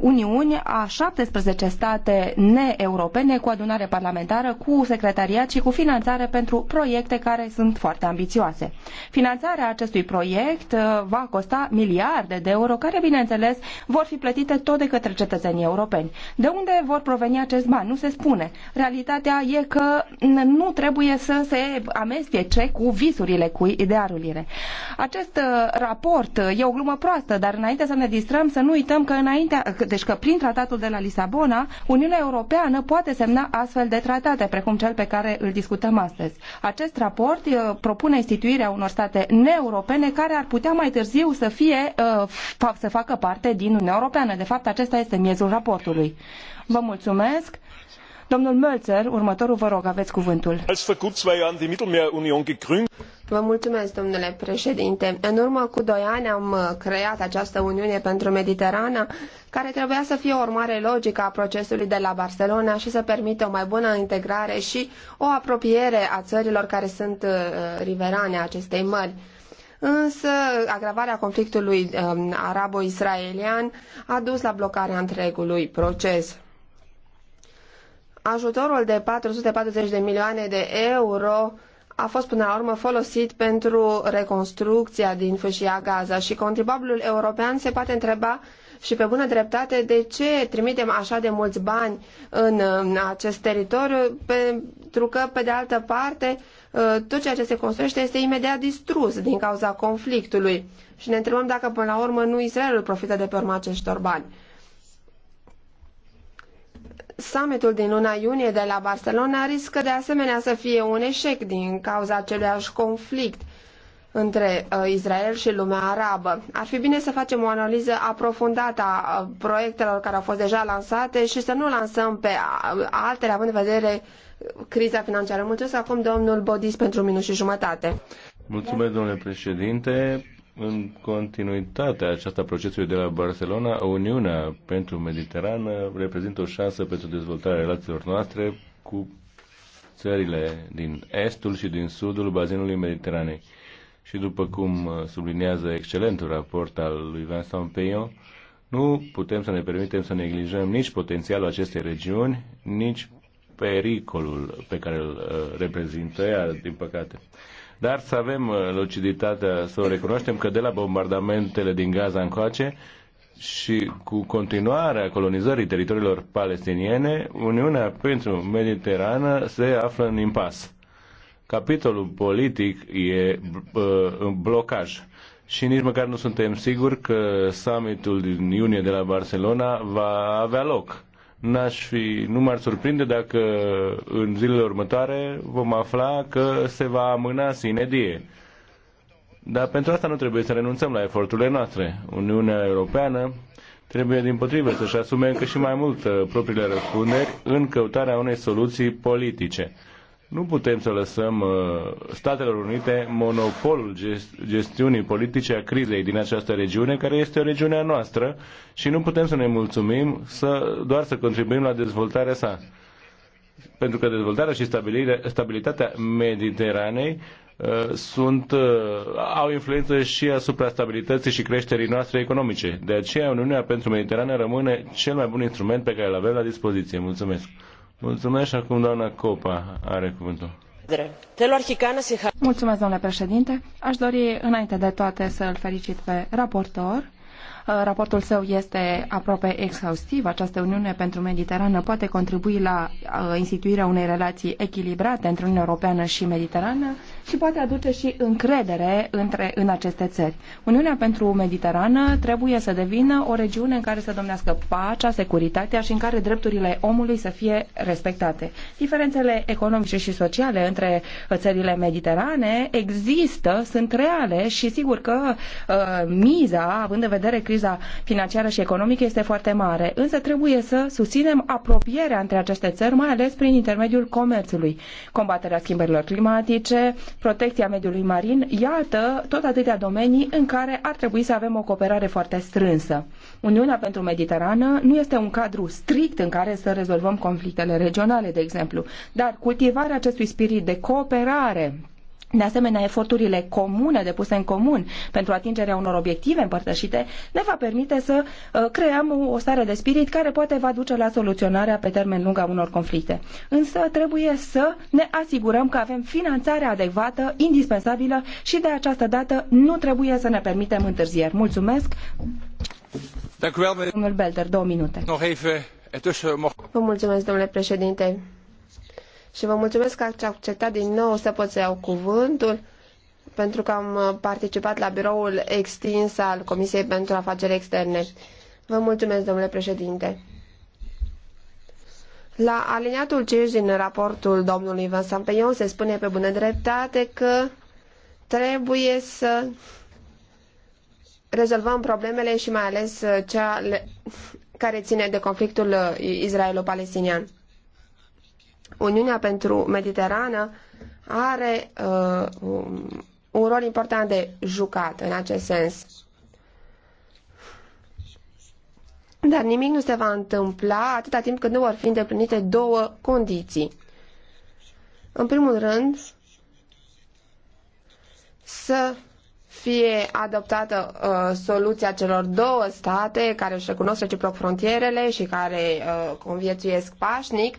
uniuni a 17 state neeuropene cu adunare parlamentară, cu secretariat și cu finanțare pentru proiecte care sunt foarte ambițioase. Finanț Finanțarea acestui proiect uh, va costa miliarde de euro, care, bineînțeles, vor fi plătite tot de către cetățenii europeni. De unde vor proveni acești bani? Nu se spune. Realitatea e că nu trebuie să se amestece cu visurile, cu idealurile. Acest uh, raport uh, e o glumă proastă, dar înainte să ne distrăm, să nu uităm că înainte, deci că prin tratatul de la Lisabona, Uniunea Europeană poate semna astfel de tratate, precum cel pe care îl discutăm astăzi. Acest raport propune instituirea unor state neeuropene care ar putea mai târziu să fie uh, să facă parte din Uniunea Europeană. De fapt, acesta este miezul raportului. Vă mulțumesc. Domnul Mölzer, următorul, vă rog, aveți cuvântul. Vă mulțumesc, domnule președinte. În urmă cu doi ani am uh, creat această Uniune pentru Mediterana, care trebuia să fie o urmare logică a procesului de la Barcelona și să permită o mai bună integrare și o apropiere a țărilor care sunt uh, riverane acestei mări. Însă, agravarea conflictului um, arabo-israelian a dus la blocarea întregului proces ajutorul de 440 de milioane de euro a fost până la urmă folosit pentru reconstrucția din fâșia Gaza și contribuabilul european se poate întreba și pe bună dreptate de ce trimitem așa de mulți bani în, acest teritoriu pentru că pe de altă parte tot ceea ce se construiește este imediat distrus din cauza conflictului și ne întrebăm dacă până la urmă nu Israelul profită de pe urma acestor bani. Summitul din luna iunie de la Barcelona riscă de asemenea să fie un eșec din cauza aceluiași conflict între uh, Israel și lumea arabă. Ar fi bine să facem o analiză aprofundată a uh, proiectelor care au fost deja lansate și să nu lansăm pe uh, altele, având în vedere criza financiară. Mulțumesc acum domnul Bodis pentru un minut și jumătate. Mulțumesc, domnule președinte. În continuitatea aceasta procesului de la Barcelona, Uniunea pentru Mediterană reprezintă o șansă pentru dezvoltarea relațiilor noastre cu țările din estul și din sudul bazinului Mediteranei. Și după cum subliniază excelentul raport al lui Vincent Peillon, nu putem să ne permitem să neglijăm nici potențialul acestei regiuni, nici pericolul pe care îl uh, reprezintă ea, din păcate. Dar să avem uh, luciditatea să o recunoaștem că de la bombardamentele din Gaza încoace și cu continuarea colonizării teritoriilor palestiniene, Uniunea pentru Mediterană se află în impas. Capitolul politic e uh, în blocaj și nici măcar nu suntem siguri că summitul din iunie de la Barcelona va avea loc n-aș fi, nu m-ar surprinde dacă în zilele următoare vom afla că se va amâna sinedie. Dar pentru asta nu trebuie să renunțăm la eforturile noastre. Uniunea Europeană trebuie din potrivă să-și asume încă și mai mult uh, propriile răspunderi în căutarea unei soluții politice. Nu putem să lăsăm uh, Statelor Unite monopolul gestiunii politice a crizei din această regiune, care este o regiune a noastră și nu putem să ne mulțumim să, doar să contribuim la dezvoltarea sa. Pentru că dezvoltarea și stabilitatea Mediteranei uh, sunt, uh, au influență și asupra stabilității și creșterii noastre economice. De aceea Uniunea pentru Mediterană rămâne cel mai bun instrument pe care îl avem la dispoziție. Mulțumesc! Mulțumesc acum doamna Copa are cuvântul. Mulțumesc, domnule președinte. Aș dori, înainte de toate, să îl felicit pe raportor. Uh, raportul său este aproape exhaustiv. Această Uniune pentru Mediterană poate contribui la uh, instituirea unei relații echilibrate între Uniunea Europeană și Mediterană și poate aduce și încredere între, în aceste țări. Uniunea pentru Mediterană trebuie să devină o regiune în care să domnească pacea, securitatea și în care drepturile omului să fie respectate. Diferențele economice și sociale între uh, țările mediterane există, sunt reale și sigur că uh, miza, având în vedere criza financiară și economică, este foarte mare. Însă trebuie să susținem apropierea între aceste țări, mai ales prin intermediul comerțului, combaterea schimbărilor climatice, protecția mediului marin, iată tot atâtea domenii în care ar trebui să avem o cooperare foarte strânsă. Uniunea pentru Mediterană nu este un cadru strict în care să rezolvăm conflictele regionale, de exemplu, dar cultivarea acestui spirit de cooperare de asemenea, eforturile comune depuse în comun pentru atingerea unor obiective împărtășite ne va permite să uh, creăm o stare de spirit care poate va duce la soluționarea pe termen lung a unor conflicte. Însă trebuie să ne asigurăm că avem finanțarea adecvată, indispensabilă și de această dată nu trebuie să ne permitem întârzieri. Mulțumesc! Dank Belder, două minute. Eh, Vă mulțumesc, domnule președinte și vă mulțumesc că ați acceptat din nou să pot să iau cuvântul pentru că am uh, participat la biroul extins al Comisiei pentru Afaceri Externe. Vă mulțumesc, domnule președinte. La aliniatul 5 din raportul domnului Ivan Sampeion se spune pe bună dreptate că trebuie să rezolvăm problemele și mai ales uh, cea care ține de conflictul uh, israelo-palestinian. Uniunea pentru Mediterană are uh, un rol important de jucat în acest sens. Dar nimic nu se va întâmpla atâta timp cât nu vor fi îndeplinite două condiții. În primul rând, să fie adoptată uh, soluția celor două state care își recunosc reciproc frontierele și care uh, conviețuiesc pașnic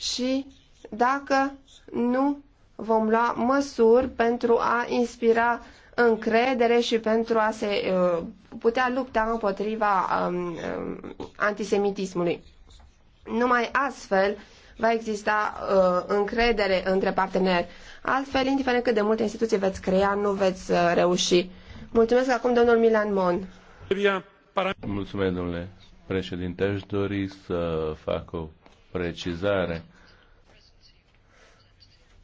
și dacă nu vom lua măsuri pentru a inspira încredere și pentru a se uh, putea lupta împotriva um, um, antisemitismului. Numai astfel va exista uh, încredere între parteneri. Altfel, indiferent cât de multe instituții veți crea, nu veți uh, reuși. Mulțumesc acum domnul Milan Mon. Mulțumesc, domnule președinte. Aș dori să fac o precizare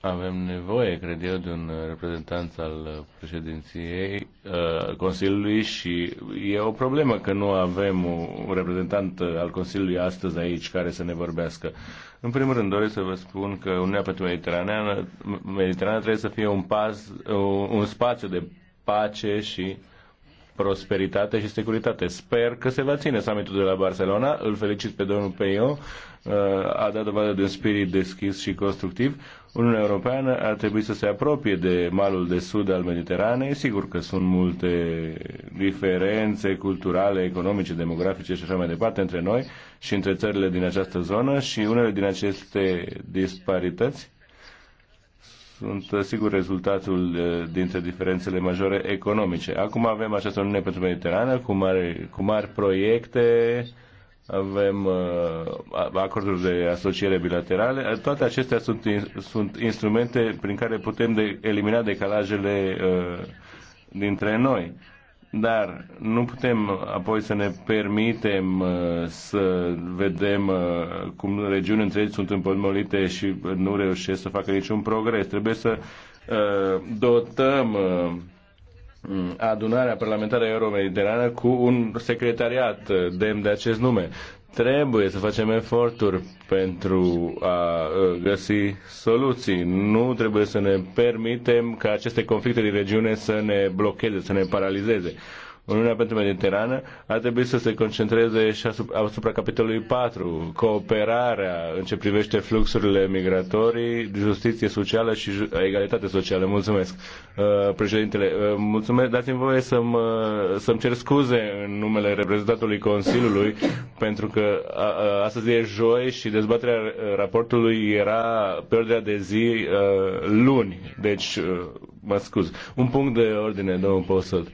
avem nevoie, cred eu, de un reprezentant al președinției uh, Consiliului și e o problemă că nu avem un reprezentant al Consiliului astăzi aici care să ne vorbească. În primul rând, doresc să vă spun că Uniunea pentru Mediterana trebuie să fie un, pas, un, un spațiu de pace și prosperitate și securitate. Sper că se va ține summitul de la Barcelona. Îl felicit pe domnul Peio. Uh, a dat dovadă de un spirit deschis și constructiv. Uniunea Europeană ar trebui să se apropie de malul de sud al Mediteranei. Sigur că sunt multe diferențe culturale, economice, demografice și așa mai departe între noi și între țările din această zonă și unele din aceste disparități sunt uh, sigur rezultatul uh, dintre diferențele majore economice. Acum avem această Uniune pentru Mediterană cu mari, cu mari proiecte, avem uh, acorduri de asociere bilaterale. Uh, toate acestea sunt, sunt instrumente prin care putem de, elimina decalajele uh, dintre noi. Uh, dar nu putem apoi să ne permitem uh, să vedem uh, cum regiuni întregi sunt împolmolite și nu reușesc să facă niciun progres. Trebuie să uh, dotăm adunarea parlamentară euro cu un secretariat demn de acest nume. Trebuie să facem eforturi pentru a găsi soluții. Nu trebuie să ne permitem ca aceste conflicte din regiune să ne blocheze, să ne paralizeze. Uniunea pentru Mediterană ar trebui să se concentreze și asupra, asupra capitolului 4, cooperarea în ce privește fluxurile migratorii, justiție socială și egalitate socială. Mulțumesc, uh, președintele. Uh, mulțumesc. Dați-mi voie să-mi, să-mi cer scuze în numele reprezentantului Consiliului, pentru că astăzi e joi și dezbaterea raportului era pe ordinea de zi uh, luni. Deci, mă scuz. Un punct de ordine, domnul Posăt.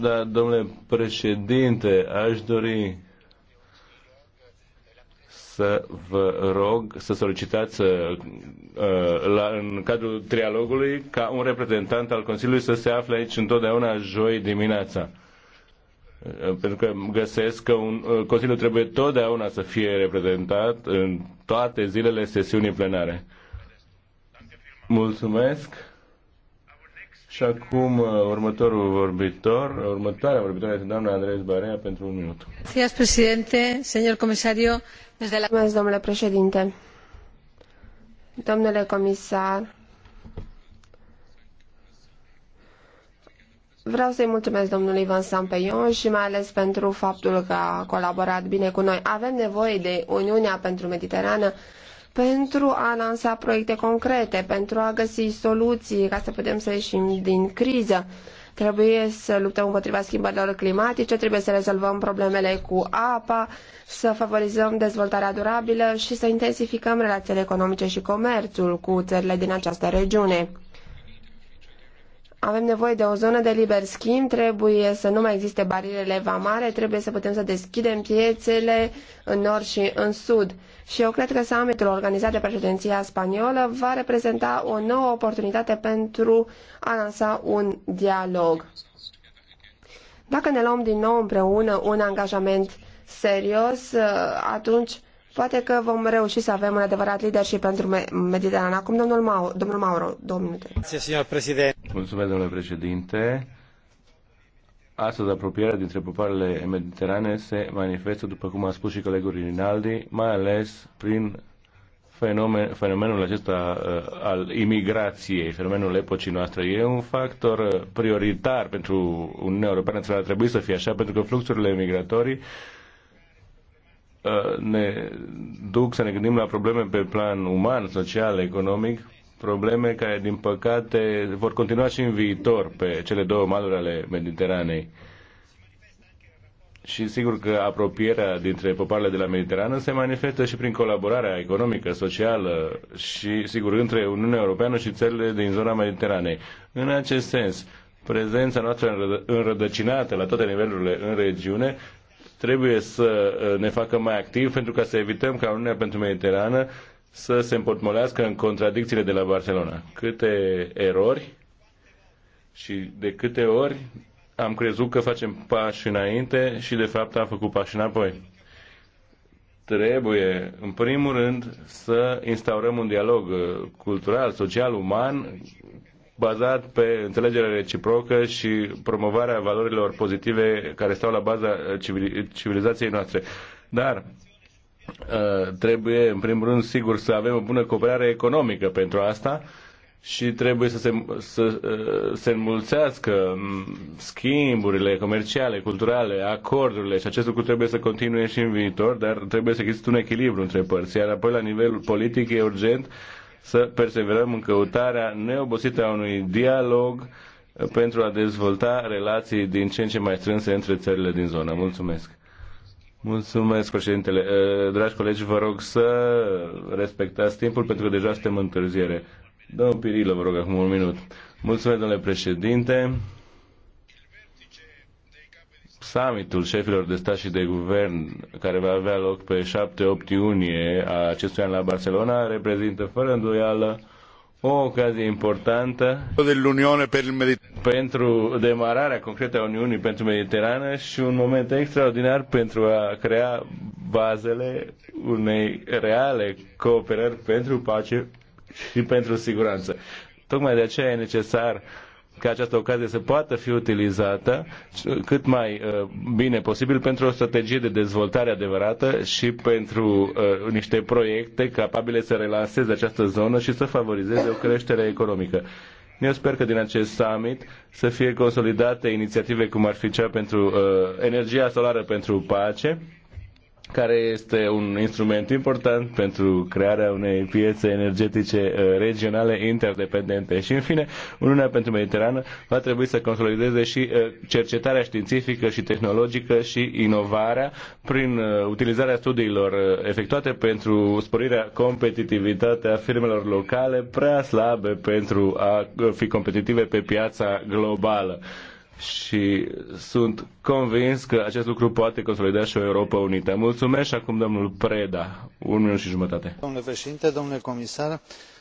Da, domnule președinte, aș dori să vă rog să solicitați uh, la, în cadrul trialogului ca un reprezentant al Consiliului să se afle aici întotdeauna joi dimineața. Uh, pentru că găsesc că un, uh, Consiliul trebuie totdeauna să fie reprezentat în toate zilele sesiunii plenare. Mulțumesc! Și acum uh, următorul vorbitor, uh, următoarea vorbitoare este doamna Andres Barea pentru un minut. Mulțumesc, domnule președinte. Domnule comisar, Vreau să-i mulțumesc domnului Ivan Sampeion și mai ales pentru faptul că a colaborat bine cu noi. Avem nevoie de Uniunea pentru Mediterană pentru a lansa proiecte concrete, pentru a găsi soluții ca să putem să ieșim din criză. Trebuie să luptăm împotriva schimbărilor climatice, trebuie să rezolvăm problemele cu apa, să favorizăm dezvoltarea durabilă și să intensificăm relațiile economice și comerțul cu țările din această regiune. Avem nevoie de o zonă de liber schimb, trebuie să nu mai existe barierele vamare, trebuie să putem să deschidem piețele în nord și în sud. Și eu cred că summitul organizat de președinția spaniolă va reprezenta o nouă oportunitate pentru a lansa un dialog. Dacă ne luăm din nou împreună un angajament serios, atunci Poate că vom reuși să avem un adevărat lider și pentru Mediterana. Acum, domnul, Mau, domnul Mauro, două minute. Mulțumesc, domnule președinte. Astăzi, apropierea dintre popoarele mediterane se manifestă, după cum a spus și colegul Rinaldi, mai ales prin fenomen, fenomenul acesta uh, al imigrației, fenomenul epocii noastre, e un factor uh, prioritar pentru Uniunea Europeană, ar trebui să fie așa, pentru că fluxurile migratorii Uh, ne duc să ne gândim la probleme pe plan uman, social, economic, probleme care, din păcate, vor continua și în viitor pe cele două maluri ale Mediteranei. Și sigur că apropierea dintre popoarele de la Mediterană se manifestă și prin colaborarea economică, socială și, sigur, între Uniunea Europeană și țările din zona Mediteranei. În acest sens, prezența noastră înrădăcinată la toate nivelurile în regiune trebuie să uh, ne facă mai activ pentru ca să evităm ca Uniunea pentru Mediterană să se împotmolească în contradicțiile de la Barcelona. Câte erori și de câte ori am crezut că facem pași înainte și de fapt am făcut pași înapoi. Trebuie, în primul rând, să instaurăm un dialog uh, cultural, social, uman bazat pe înțelegerea reciprocă și promovarea valorilor pozitive care stau la baza uh, civilizației noastre. Dar uh, trebuie, în primul rând, sigur, să avem o bună cooperare economică pentru asta și trebuie să se, să, uh, se înmulțească mm, schimburile comerciale, culturale, acordurile și acest lucru trebuie să continue și în viitor, dar trebuie să există un echilibru între părți. Iar apoi, la nivel politic, e urgent uh, să perseverăm în căutarea neobosită a unui dialog pentru a dezvolta relații din ce în ce mai strânse între țările din zonă. Mulțumesc! Mulțumesc, președintele. Uh, dragi colegi, vă rog să respectați timpul pentru că deja suntem în întârziere. Domnul Pirilă, vă rog acum un minut. Mulțumesc, domnule președinte summitul șefilor de stat și de guvern care va avea loc pe 7-8 iunie a acestui an la Barcelona reprezintă fără îndoială o ocazie importantă pentru demararea concretă a Uniunii pentru Mediterană și un moment extraordinar pentru a crea bazele unei reale cooperări pentru pace și pentru siguranță. Tocmai de aceea e necesar uh, ca această ocazie să poată fi utilizată cât mai uh, bine posibil pentru o strategie de dezvoltare adevărată și pentru uh, niște proiecte capabile să relanseze această zonă și să favorizeze o creștere economică. Eu sper că din acest summit să fie consolidate inițiative cum ar fi cea pentru uh, energia solară pentru pace, care este un instrument important pentru crearea unei piețe energetice uh, regionale interdependente. Și, în fine, Uniunea pentru Mediterană va trebui să consolideze și uh, cercetarea științifică și tehnologică și inovarea prin uh, utilizarea studiilor efectuate pentru sporirea competitivitatea firmelor locale prea slabe pentru a fi competitive pe piața globală și sunt convins că acest lucru poate consolida și o Europa unită. Mulțumesc și acum domnul Preda, un minut și jumătate. Domnule președinte, domnule comisar,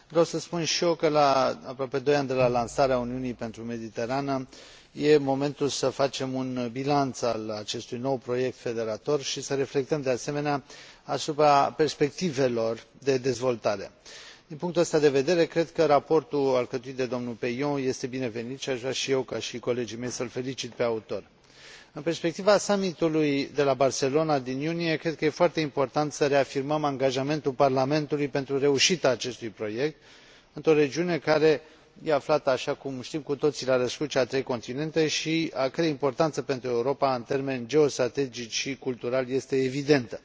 vreau să spun și eu că la aproape doi ani de la lansarea Uniunii pentru Mediterană e momentul să facem un bilanț al acestui nou proiect federator și să reflectăm de asemenea asupra perspectivelor de dezvoltare din punctul ăsta de vedere cred că raportul alcătuit de domnul peillon este binevenit i a vrea și eu ca și colegii mei să l felicit pe autor. în perspectiva summitului de la barcelona din iunie cred că este foarte important să reafirmăm angajamentul parlamentului pentru reușita acestui proiect într o regiune care este aflată așa cum știm cu toții la răscrucea a trei continente și a cărei importanță pentru europa în termeni geostrategici și culturali este evidentă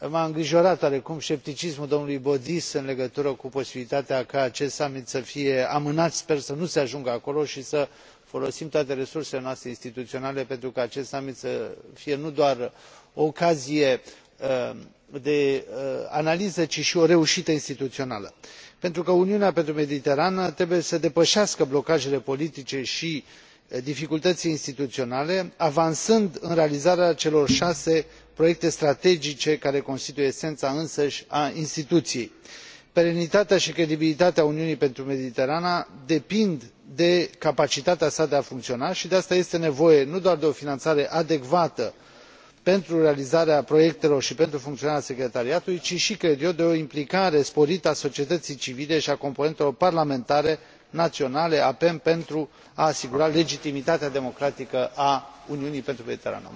m a îngrijorat oarecum scepticismul domnului baudis în legătură cu posibilitatea ca acest summit să fie amânat sper să nu se ajungă acolo i să folosim toate resursele noastre instituionale pentru ca acest summit să fie nu doar o ocazie uh, de uh, analiză ci i o reuită instituională pentru că uniunea pentru mediterană trebuie să depăească blocajele politice i uh, dificultăile instituionale avansând în realizarea celor ase proiecte strategice care constituie esena însăi a instituiei. perenitatea i credibilitatea uniunii pentru mediterana depind de capacitatea sa de a funciona i de asta este nevoie nu doar de o finanare adecvată pentru realizarea proiectelor i pentru funcionarea secretariatului ci i cred eu de o implicare sporită a societăii civile i a componentelor parlamentare naionale pen pentru a asigura legitimitatea democratică a uniunii pentru mediterana.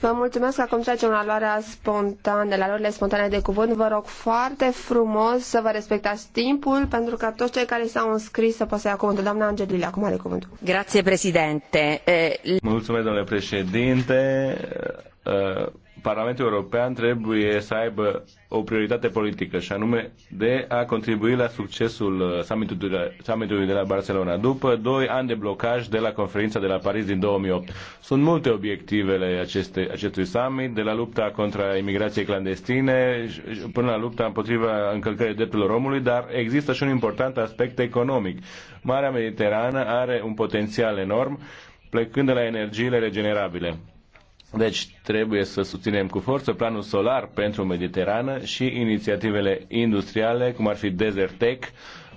Vă mulțumesc. Acum trecem la luarea spontană, la luările spontane de cuvânt. Vă rog foarte frumos să vă respectați timpul, pentru ca toți cei care s-au înscris să poată ia cuvântul. Doamna Angelile, acum are cuvântul. Grație, președinte. Mulțumesc, domnule președinte Parlamentul European trebuie să aibă o prioritate politică și anume de a contribui la succesul uh, summitului de la, Barcelona după doi ani de blocaj de la conferința de la Paris din 2008. Sunt multe obiectivele aceste, acestui summit, de la lupta contra imigrației clandestine până la lupta împotriva încălcării drepturilor omului, dar există și un important aspect economic. Marea Mediterană are un potențial enorm plecând de la energiile regenerabile deci trebuie să susținem cu forță planul solar pentru Mediterană și inițiativele industriale, cum ar fi Desertec,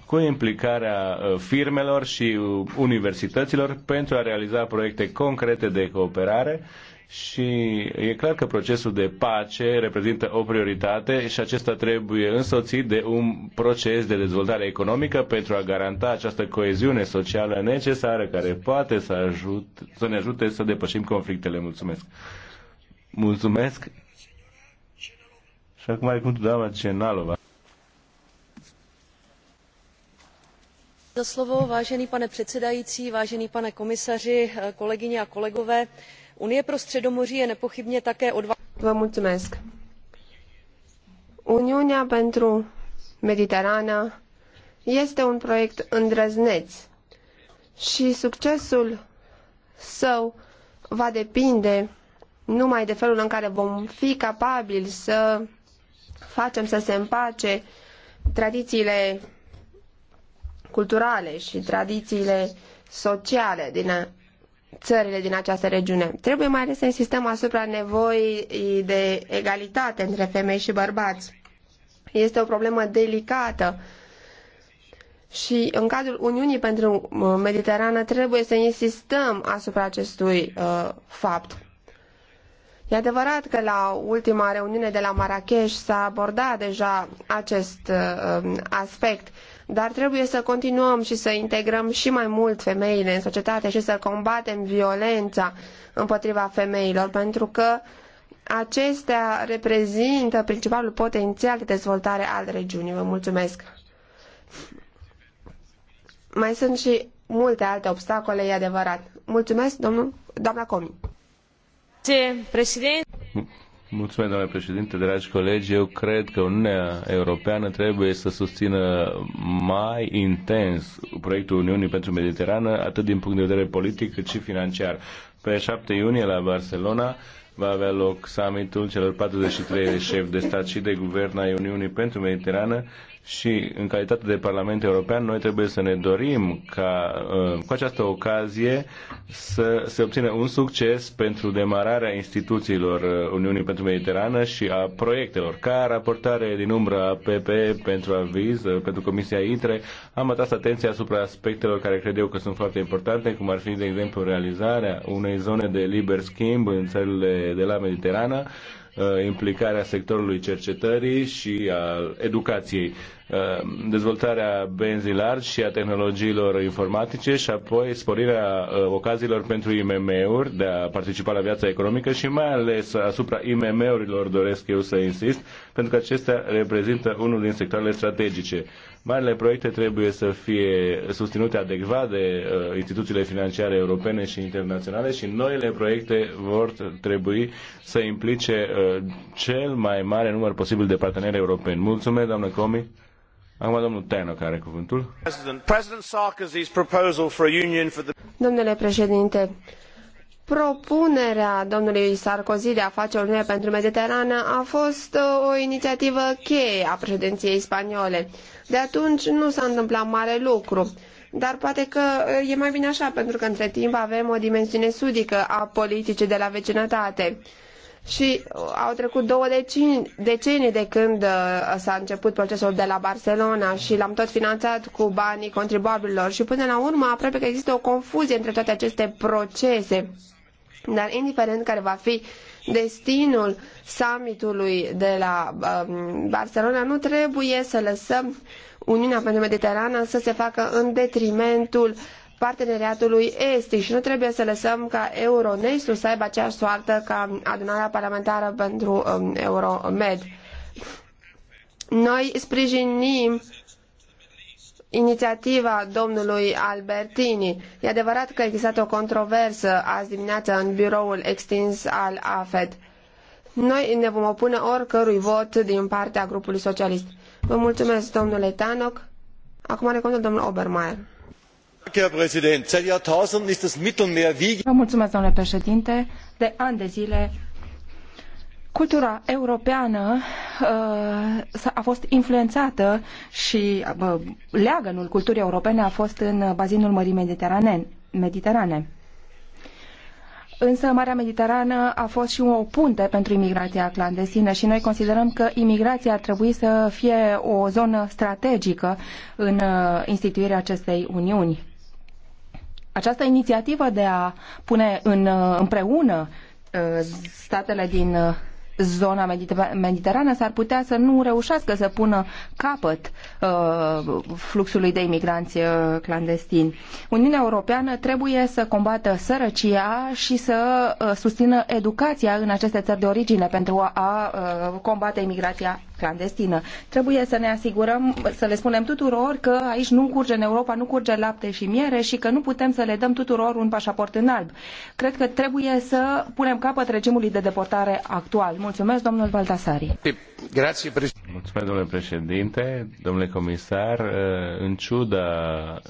cu implicarea uh, firmelor și uh, universităților pentru a realiza proiecte concrete de cooperare și e clar că procesul de pace reprezintă o prioritate și acesta trebuie însoțit de un proces de dezvoltare economică pentru a garanta această coeziune socială necesară care poate să, ajut, să ne ajute să depășim conflictele. Mulțumesc! Mulțumesc! Și acum are cuvântul doamna Cenalova. Za slovo, vážený pane předsedající, vážený pane komisaři, kolegyně a kolegové unie pro středomoří je nepochybně také odvážná. Uniunea pentru Mediterana este un proiect îndrăzneț și succesul său va depinde numai de felul în care vom fi capabili să facem să se împace tradițiile culturale și tradițiile sociale din țările din această regiune. Trebuie mai ales să insistăm asupra nevoii de egalitate între femei și bărbați. Este o problemă delicată și în cadrul Uniunii pentru uh, Mediterană trebuie să insistăm asupra acestui uh, fapt. E adevărat că la ultima reuniune de la Marrakech s-a abordat deja acest uh, um, aspect, dar trebuie să continuăm și să integrăm și mai mult femeile în societate și să combatem violența împotriva femeilor, pentru că acestea reprezintă principalul potențial de dezvoltare al regiunii. Vă mulțumesc! Mai sunt și multe alte obstacole, e adevărat. Mulțumesc, domnul, doamna Comi. Ce, președinte? Mulțumesc, domnule președinte, dragi colegi. Eu cred că Uniunea Europeană trebuie să susțină mai intens proiectul Uniunii pentru Mediterană, atât din punct de vedere politic cât și financiar. Pe 7 iunie la Barcelona va avea loc summitul celor 43 șefi de stat și de guvern ai Uniunii pentru Mediterană, și în calitate de Parlament European, noi trebuie să ne dorim ca uh, cu această ocazie să se obțină un succes pentru demararea instituțiilor uh, Uniunii pentru Mediterană și a proiectelor. Ca raportare din umbră a PP pentru aviz, uh, pentru Comisia ITRE, am atras atenția asupra aspectelor care cred eu că sunt foarte importante, cum ar fi, de exemplu, realizarea unei zone de liber schimb în țările de la Mediterană, Uh, implicarea sectorului cercetării și al educației, uh, dezvoltarea benzii largi și a tehnologiilor informatice și apoi sporirea uh, ocazilor pentru IMM-uri de a participa la viața economică și mai ales asupra IMM-urilor doresc eu să insist, pentru că acestea reprezintă unul din sectoarele strategice. Marile proiecte trebuie să fie susținute adecvat de uh, instituțiile financiare europene și internaționale și noile proiecte vor trebui să implice uh, cel mai mare număr posibil de parteneri europeni. Mulțumesc, doamnă Comi. Acum domnul Teno, care are cuvântul. Domnule președinte, Propunerea domnului Sarkozy de a face o lume pentru Mediterana a fost uh, o inițiativă cheie a președinției spaniole. De atunci nu s-a întâmplat mare lucru, dar poate că uh, e mai bine așa, pentru că între timp avem o dimensiune sudică a politicii de la vecinătate. Și uh, au trecut două decenii, decenii de când s-a început procesul de la Barcelona și l-am tot finanțat cu banii contribuabililor și până la urmă aproape că există o confuzie între toate aceste procese dar indiferent care va fi destinul summitului de la um, Barcelona, nu trebuie să lăsăm Uniunea pentru Mediterană să se facă în detrimentul parteneriatului estic și nu trebuie să lăsăm ca Euronestul să aibă aceeași soartă ca adunarea parlamentară pentru um, Euromed. Noi sprijinim inițiativa domnului Albertini. E adevărat că a existat o controversă azi dimineață în biroul extins al AFET. Noi ne vom opune oricărui vot din partea grupului socialist. Vă mulțumesc, domnule Tanoc. Acum are cuvântul domnul Obermeier. Mulțumesc, domnule președinte. De ani de zile Cultura europeană uh, a fost influențată și uh, leagănul culturii europene a fost în bazinul Mării Mediterane. Mediterane. Însă Marea Mediterană a fost și o punte pentru imigrația clandestină și noi considerăm că imigrația ar trebui să fie o zonă strategică în uh, instituirea acestei uniuni. Această inițiativă de a pune în, împreună statele din zona mediterană s-ar putea să nu reușească să pună capăt uh, fluxului de imigranți uh, clandestini. Uniunea Europeană trebuie să combată sărăcia și să uh, susțină educația în aceste țări de origine pentru a uh, combate imigrația clandestină. Trebuie să ne asigurăm, să le spunem tuturor că aici nu curge în Europa, nu curge lapte și miere și că nu putem să le dăm tuturor un pașaport în alb. Cred că trebuie să punem capăt regimului de deportare actual. Mulțumesc, domnul Baltasari. Mulțumesc, domnule președinte, domnule comisar. Uh, în ciuda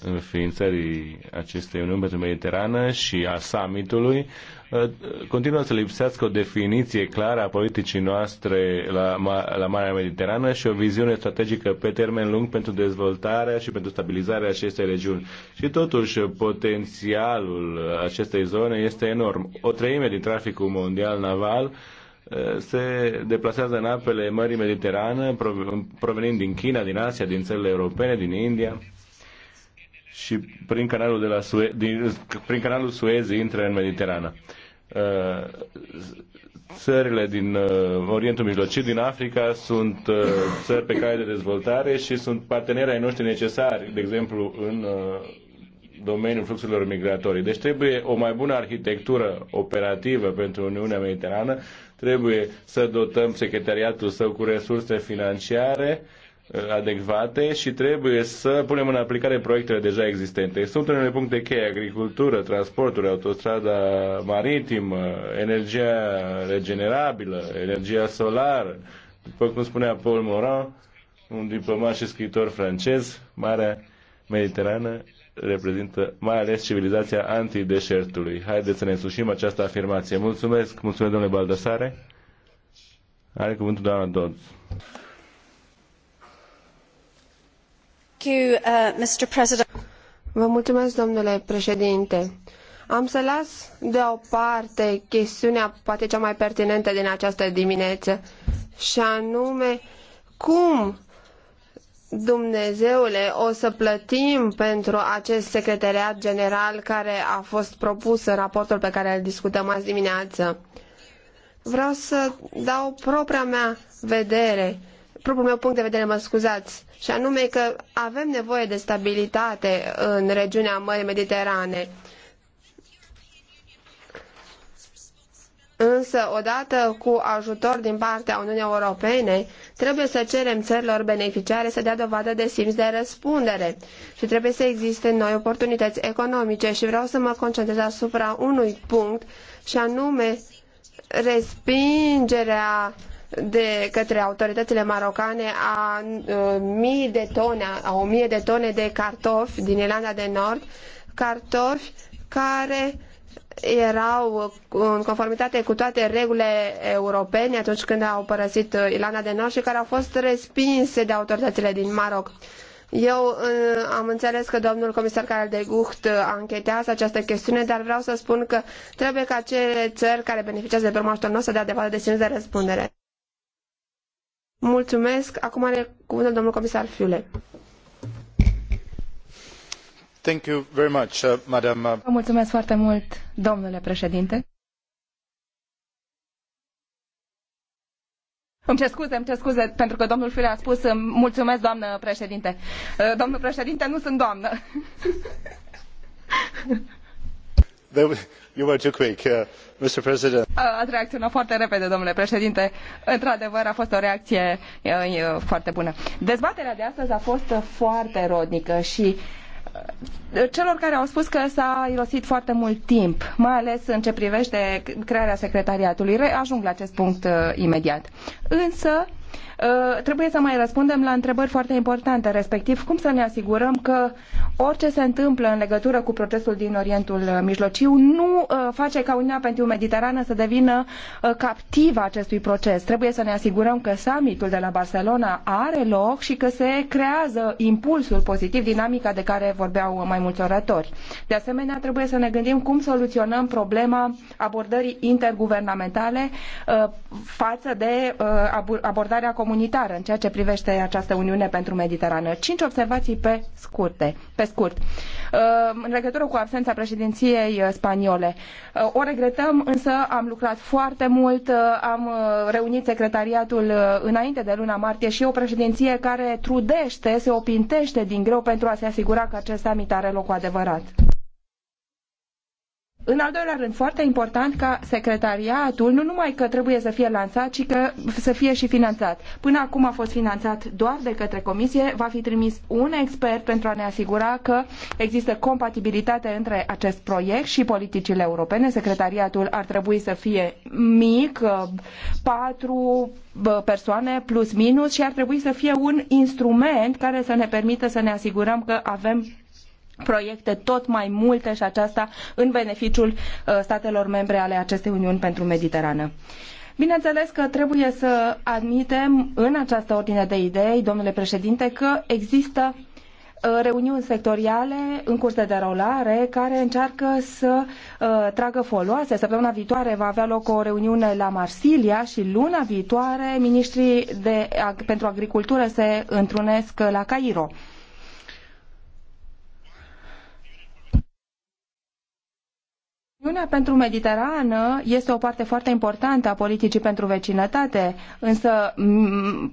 înființării acestei Uniuni pentru Mediterană și a summitului, Uh, continuă să lipsească o definiție clară a politicii noastre la, la Marea Mediterană și o viziune strategică pe termen lung pentru dezvoltarea și pentru stabilizarea acestei regiuni. Și totuși, potențialul acestei zone este enorm. O treime din traficul mondial naval uh, se deplasează în apele Mării Mediterane, provenind din China, din Asia, din țările europene, din India și prin canalul, de la Sue- din, prin canalul Suez intră în Mediterană. Uh, țările din uh, Orientul Mijlociu, din Africa, sunt uh, țări pe care de dezvoltare și sunt parteneri ai noștri necesari, de exemplu, în domeniul fluxurilor migratorii. Deci trebuie o mai bună arhitectură operativă pentru Uniunea Mediterană, trebuie să dotăm secretariatul său cu resurse financiare, uh, adecvate și trebuie să punem în aplicare proiectele deja existente. Sunt unele puncte cheie, agricultură, transporturi, autostrada maritimă, energia regenerabilă, energia solară, după cum spunea Paul Moran, un diplomat și scriitor francez, Marea Mediterană reprezintă mai ales civilizația antideșertului. Haideți să ne însușim această afirmație. Mulțumesc, mulțumesc domnule Baldasare. Are cuvântul doamna Dodds. Uh, Vă mulțumesc, domnule președinte. Am să las deoparte chestiunea poate cea mai pertinentă din această dimineață și anume cum Dumnezeule, o să plătim pentru acest secretariat general care a fost propus în raportul pe care îl discutăm azi dimineață. Vreau să dau propria mea vedere propriul meu punct de vedere, mă scuzați, și anume că avem nevoie de stabilitate în regiunea Mării Mediterane. Însă, odată cu ajutor din partea Uniunii Europene, trebuie să cerem țărilor beneficiare să dea dovadă de simț de răspundere și trebuie să existe noi oportunități economice și vreau să mă concentrez asupra unui punct și anume respingerea uh, de către autoritățile marocane a uh, mii de tone, a o mie de tone de cartofi din Irlanda de Nord, cartofi care erau în conformitate cu toate regulile europene atunci când au părăsit uh, Irlanda de Nord și care au fost respinse de autoritățile din Maroc. Eu uh, am înțeles că domnul comisar Karel de Gucht anchetează această chestiune, dar vreau să spun că trebuie ca cele țări care beneficiază de urma ajutorul nostru să dea departe de, de răspundere. Mulțumesc. Acum are cuvântul domnul comisar Fiule. Thank you very much, uh, madam. Uh, Vă mulțumesc foarte mult, domnule președinte. Îmi cer scuze, îmi cer scuze, pentru că domnul Fiule a spus mulțumesc, doamnă președinte. Uh, domnul președinte, nu sunt doamnă. you were too quick. Uh... Ați reacționat foarte repede, domnule președinte. Într-adevăr, a fost o reacție foarte bună. Dezbaterea de astăzi a fost foarte rodnică și celor care au spus că s-a irosit foarte mult timp, mai ales în ce privește crearea secretariatului, ajung la acest punct imediat. Însă, Uh, trebuie să mai răspundem la întrebări foarte importante, respectiv cum să ne asigurăm că orice se întâmplă în legătură cu procesul din Orientul Mijlociu nu uh, face ca Uniunea pentru Mediterană să devină uh, captivă acestui proces. Trebuie să ne asigurăm că summitul de la Barcelona are loc și că se creează impulsul pozitiv, dinamica de care vorbeau mai mulți oratori. De asemenea, trebuie să ne gândim cum soluționăm problema abordării interguvernamentale față de abordarea comunitară în ceea ce privește această Uniune pentru Mediterană. Cinci observații pe, scurte, pe scurt. Uh, în legătură cu absența președinției uh, spaniole, uh, o regretăm, însă am lucrat foarte mult, am reunit secretariatul înainte de luna martie și o președinție care trudește, se opintește din greu pentru a se asigura că acest summit are loc cu adevărat. În al doilea rând, foarte important ca secretariatul nu numai că trebuie să fie lansat, ci că să fie și finanțat. Până acum a fost finanțat doar de către comisie, va fi trimis un expert pentru a ne asigura că există compatibilitate între acest proiect și politicile europene. Secretariatul ar trebui să fie mic, uh, patru uh, persoane plus minus și ar trebui să fie un instrument care să ne permită să ne asigurăm că avem proiecte tot mai multe și aceasta în beneficiul uh, statelor membre ale acestei Uniuni pentru Mediterană. Bineînțeles că trebuie să admitem în această ordine de idei, domnule președinte, că există uh, reuniuni sectoriale în curs de derulare care încearcă să uh, tragă foloase. Săptămâna viitoare va avea loc o reuniune la Marsilia și luna viitoare ministrii de, pentru agricultură se întrunesc la Cairo. Uniunea pentru Mediterană este o parte foarte importantă a politicii pentru vecinătate, însă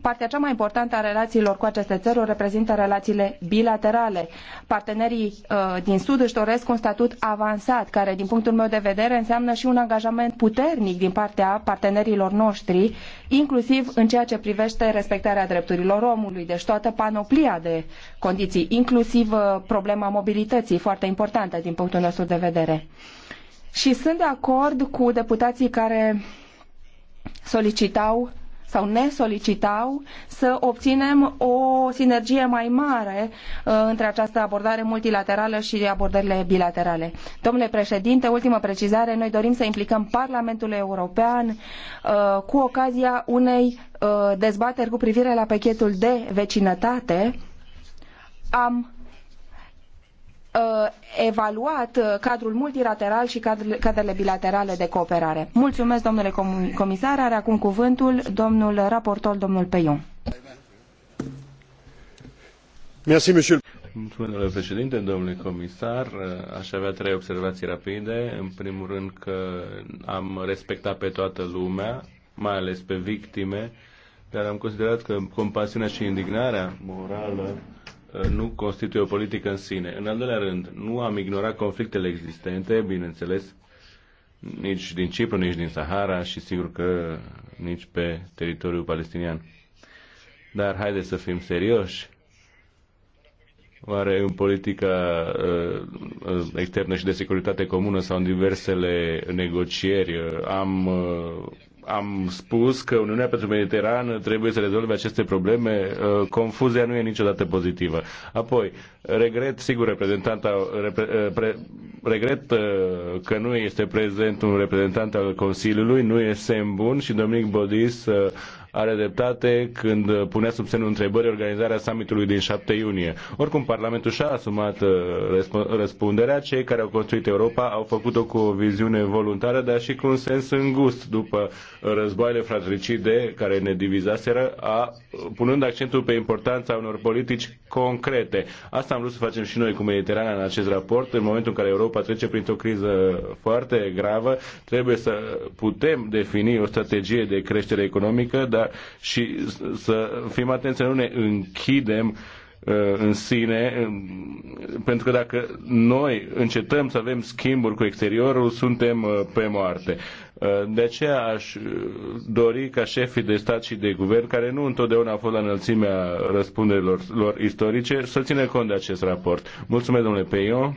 partea cea mai importantă a relațiilor cu aceste țări o reprezintă relațiile bilaterale. Partenerii uh, din Sud își doresc un statut avansat, care din punctul meu de vedere înseamnă și un angajament puternic din partea partenerilor noștri, inclusiv în ceea ce privește respectarea drepturilor omului, deci toată panoplia de condiții, inclusiv uh, problema mobilității, foarte importantă din punctul nostru de vedere. Și sunt de acord cu deputații care solicitau sau ne solicitau să obținem o sinergie mai mare uh, între această abordare multilaterală și abordările bilaterale. Domnule președinte, ultimă precizare, noi dorim să implicăm Parlamentul European uh, cu ocazia unei uh, dezbateri cu privire la pachetul de vecinătate. Am Uh, evaluat uh, cadrul multilateral și cadrele bilaterale de cooperare. Mulțumesc, domnule comisar. Are acum cuvântul domnul raportor, domnul Peion. Mulțumesc, domnule președinte, domnule comisar. Uh, aș avea trei observații rapide. În primul rând că am respectat pe toată lumea, mai ales pe victime, dar am considerat că compasiunea și indignarea morală Uh, nu constituie o politică în sine. În al doilea rând, nu am ignorat conflictele existente, bineînțeles, nici din Cipru, nici din Sahara și sigur că nici pe teritoriul palestinian. Dar haideți să fim serioși. Oare în politica uh, uh externă și de securitate comună sau în diversele negocieri uh, am uh, am spus că Uniunea pentru Mediterană trebuie să rezolve aceste probleme. Uh, confuzia nu e niciodată pozitivă. Apoi, regret, sigur, reprezentanta, repre, uh, pre, regret uh, că nu este prezent un reprezentant al Consiliului, nu e semn bun și Dominic Bodis are dreptate când punea sub semnul întrebării organizarea summitului din 7 iunie. Oricum, Parlamentul și-a asumat uh, răspunderea. Cei care au construit Europa au făcut-o cu o viziune voluntară, dar și cu un sens îngust după uh, războaiele fratricide care ne divizaseră, a, punând accentul pe importanța unor politici concrete. Asta am vrut să facem și noi cu Mediterana în acest raport. În momentul în care Europa trece printr-o criză foarte gravă, trebuie să putem defini o strategie de creștere economică, dar și să fim atenți să nu ne închidem uh, în sine, um, pentru că dacă noi încetăm să avem schimburi cu exteriorul, suntem uh, pe moarte. Uh, de aceea aș dori ca șefii de stat și de guvern, care nu întotdeauna au fost la înălțimea răspunderilor lor istorice, să țină cont de acest raport. Mulțumesc, domnule Peion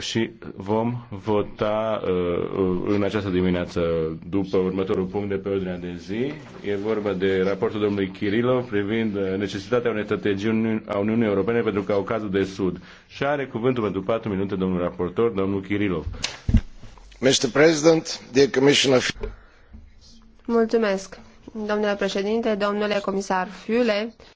și vom vota uh, în această dimineață după următorul punct de pe ordinea de zi. E vorba de raportul domnului Kirilov privind uh, necesitatea unei strategii a Uniunii Europene pentru Caucazul de Sud. Și are cuvântul pentru 4 minute domnul raportor, domnul Kirilov. Mr. President, dear Commissioner... Mulțumesc, domnule președinte, domnule comisar Fiule.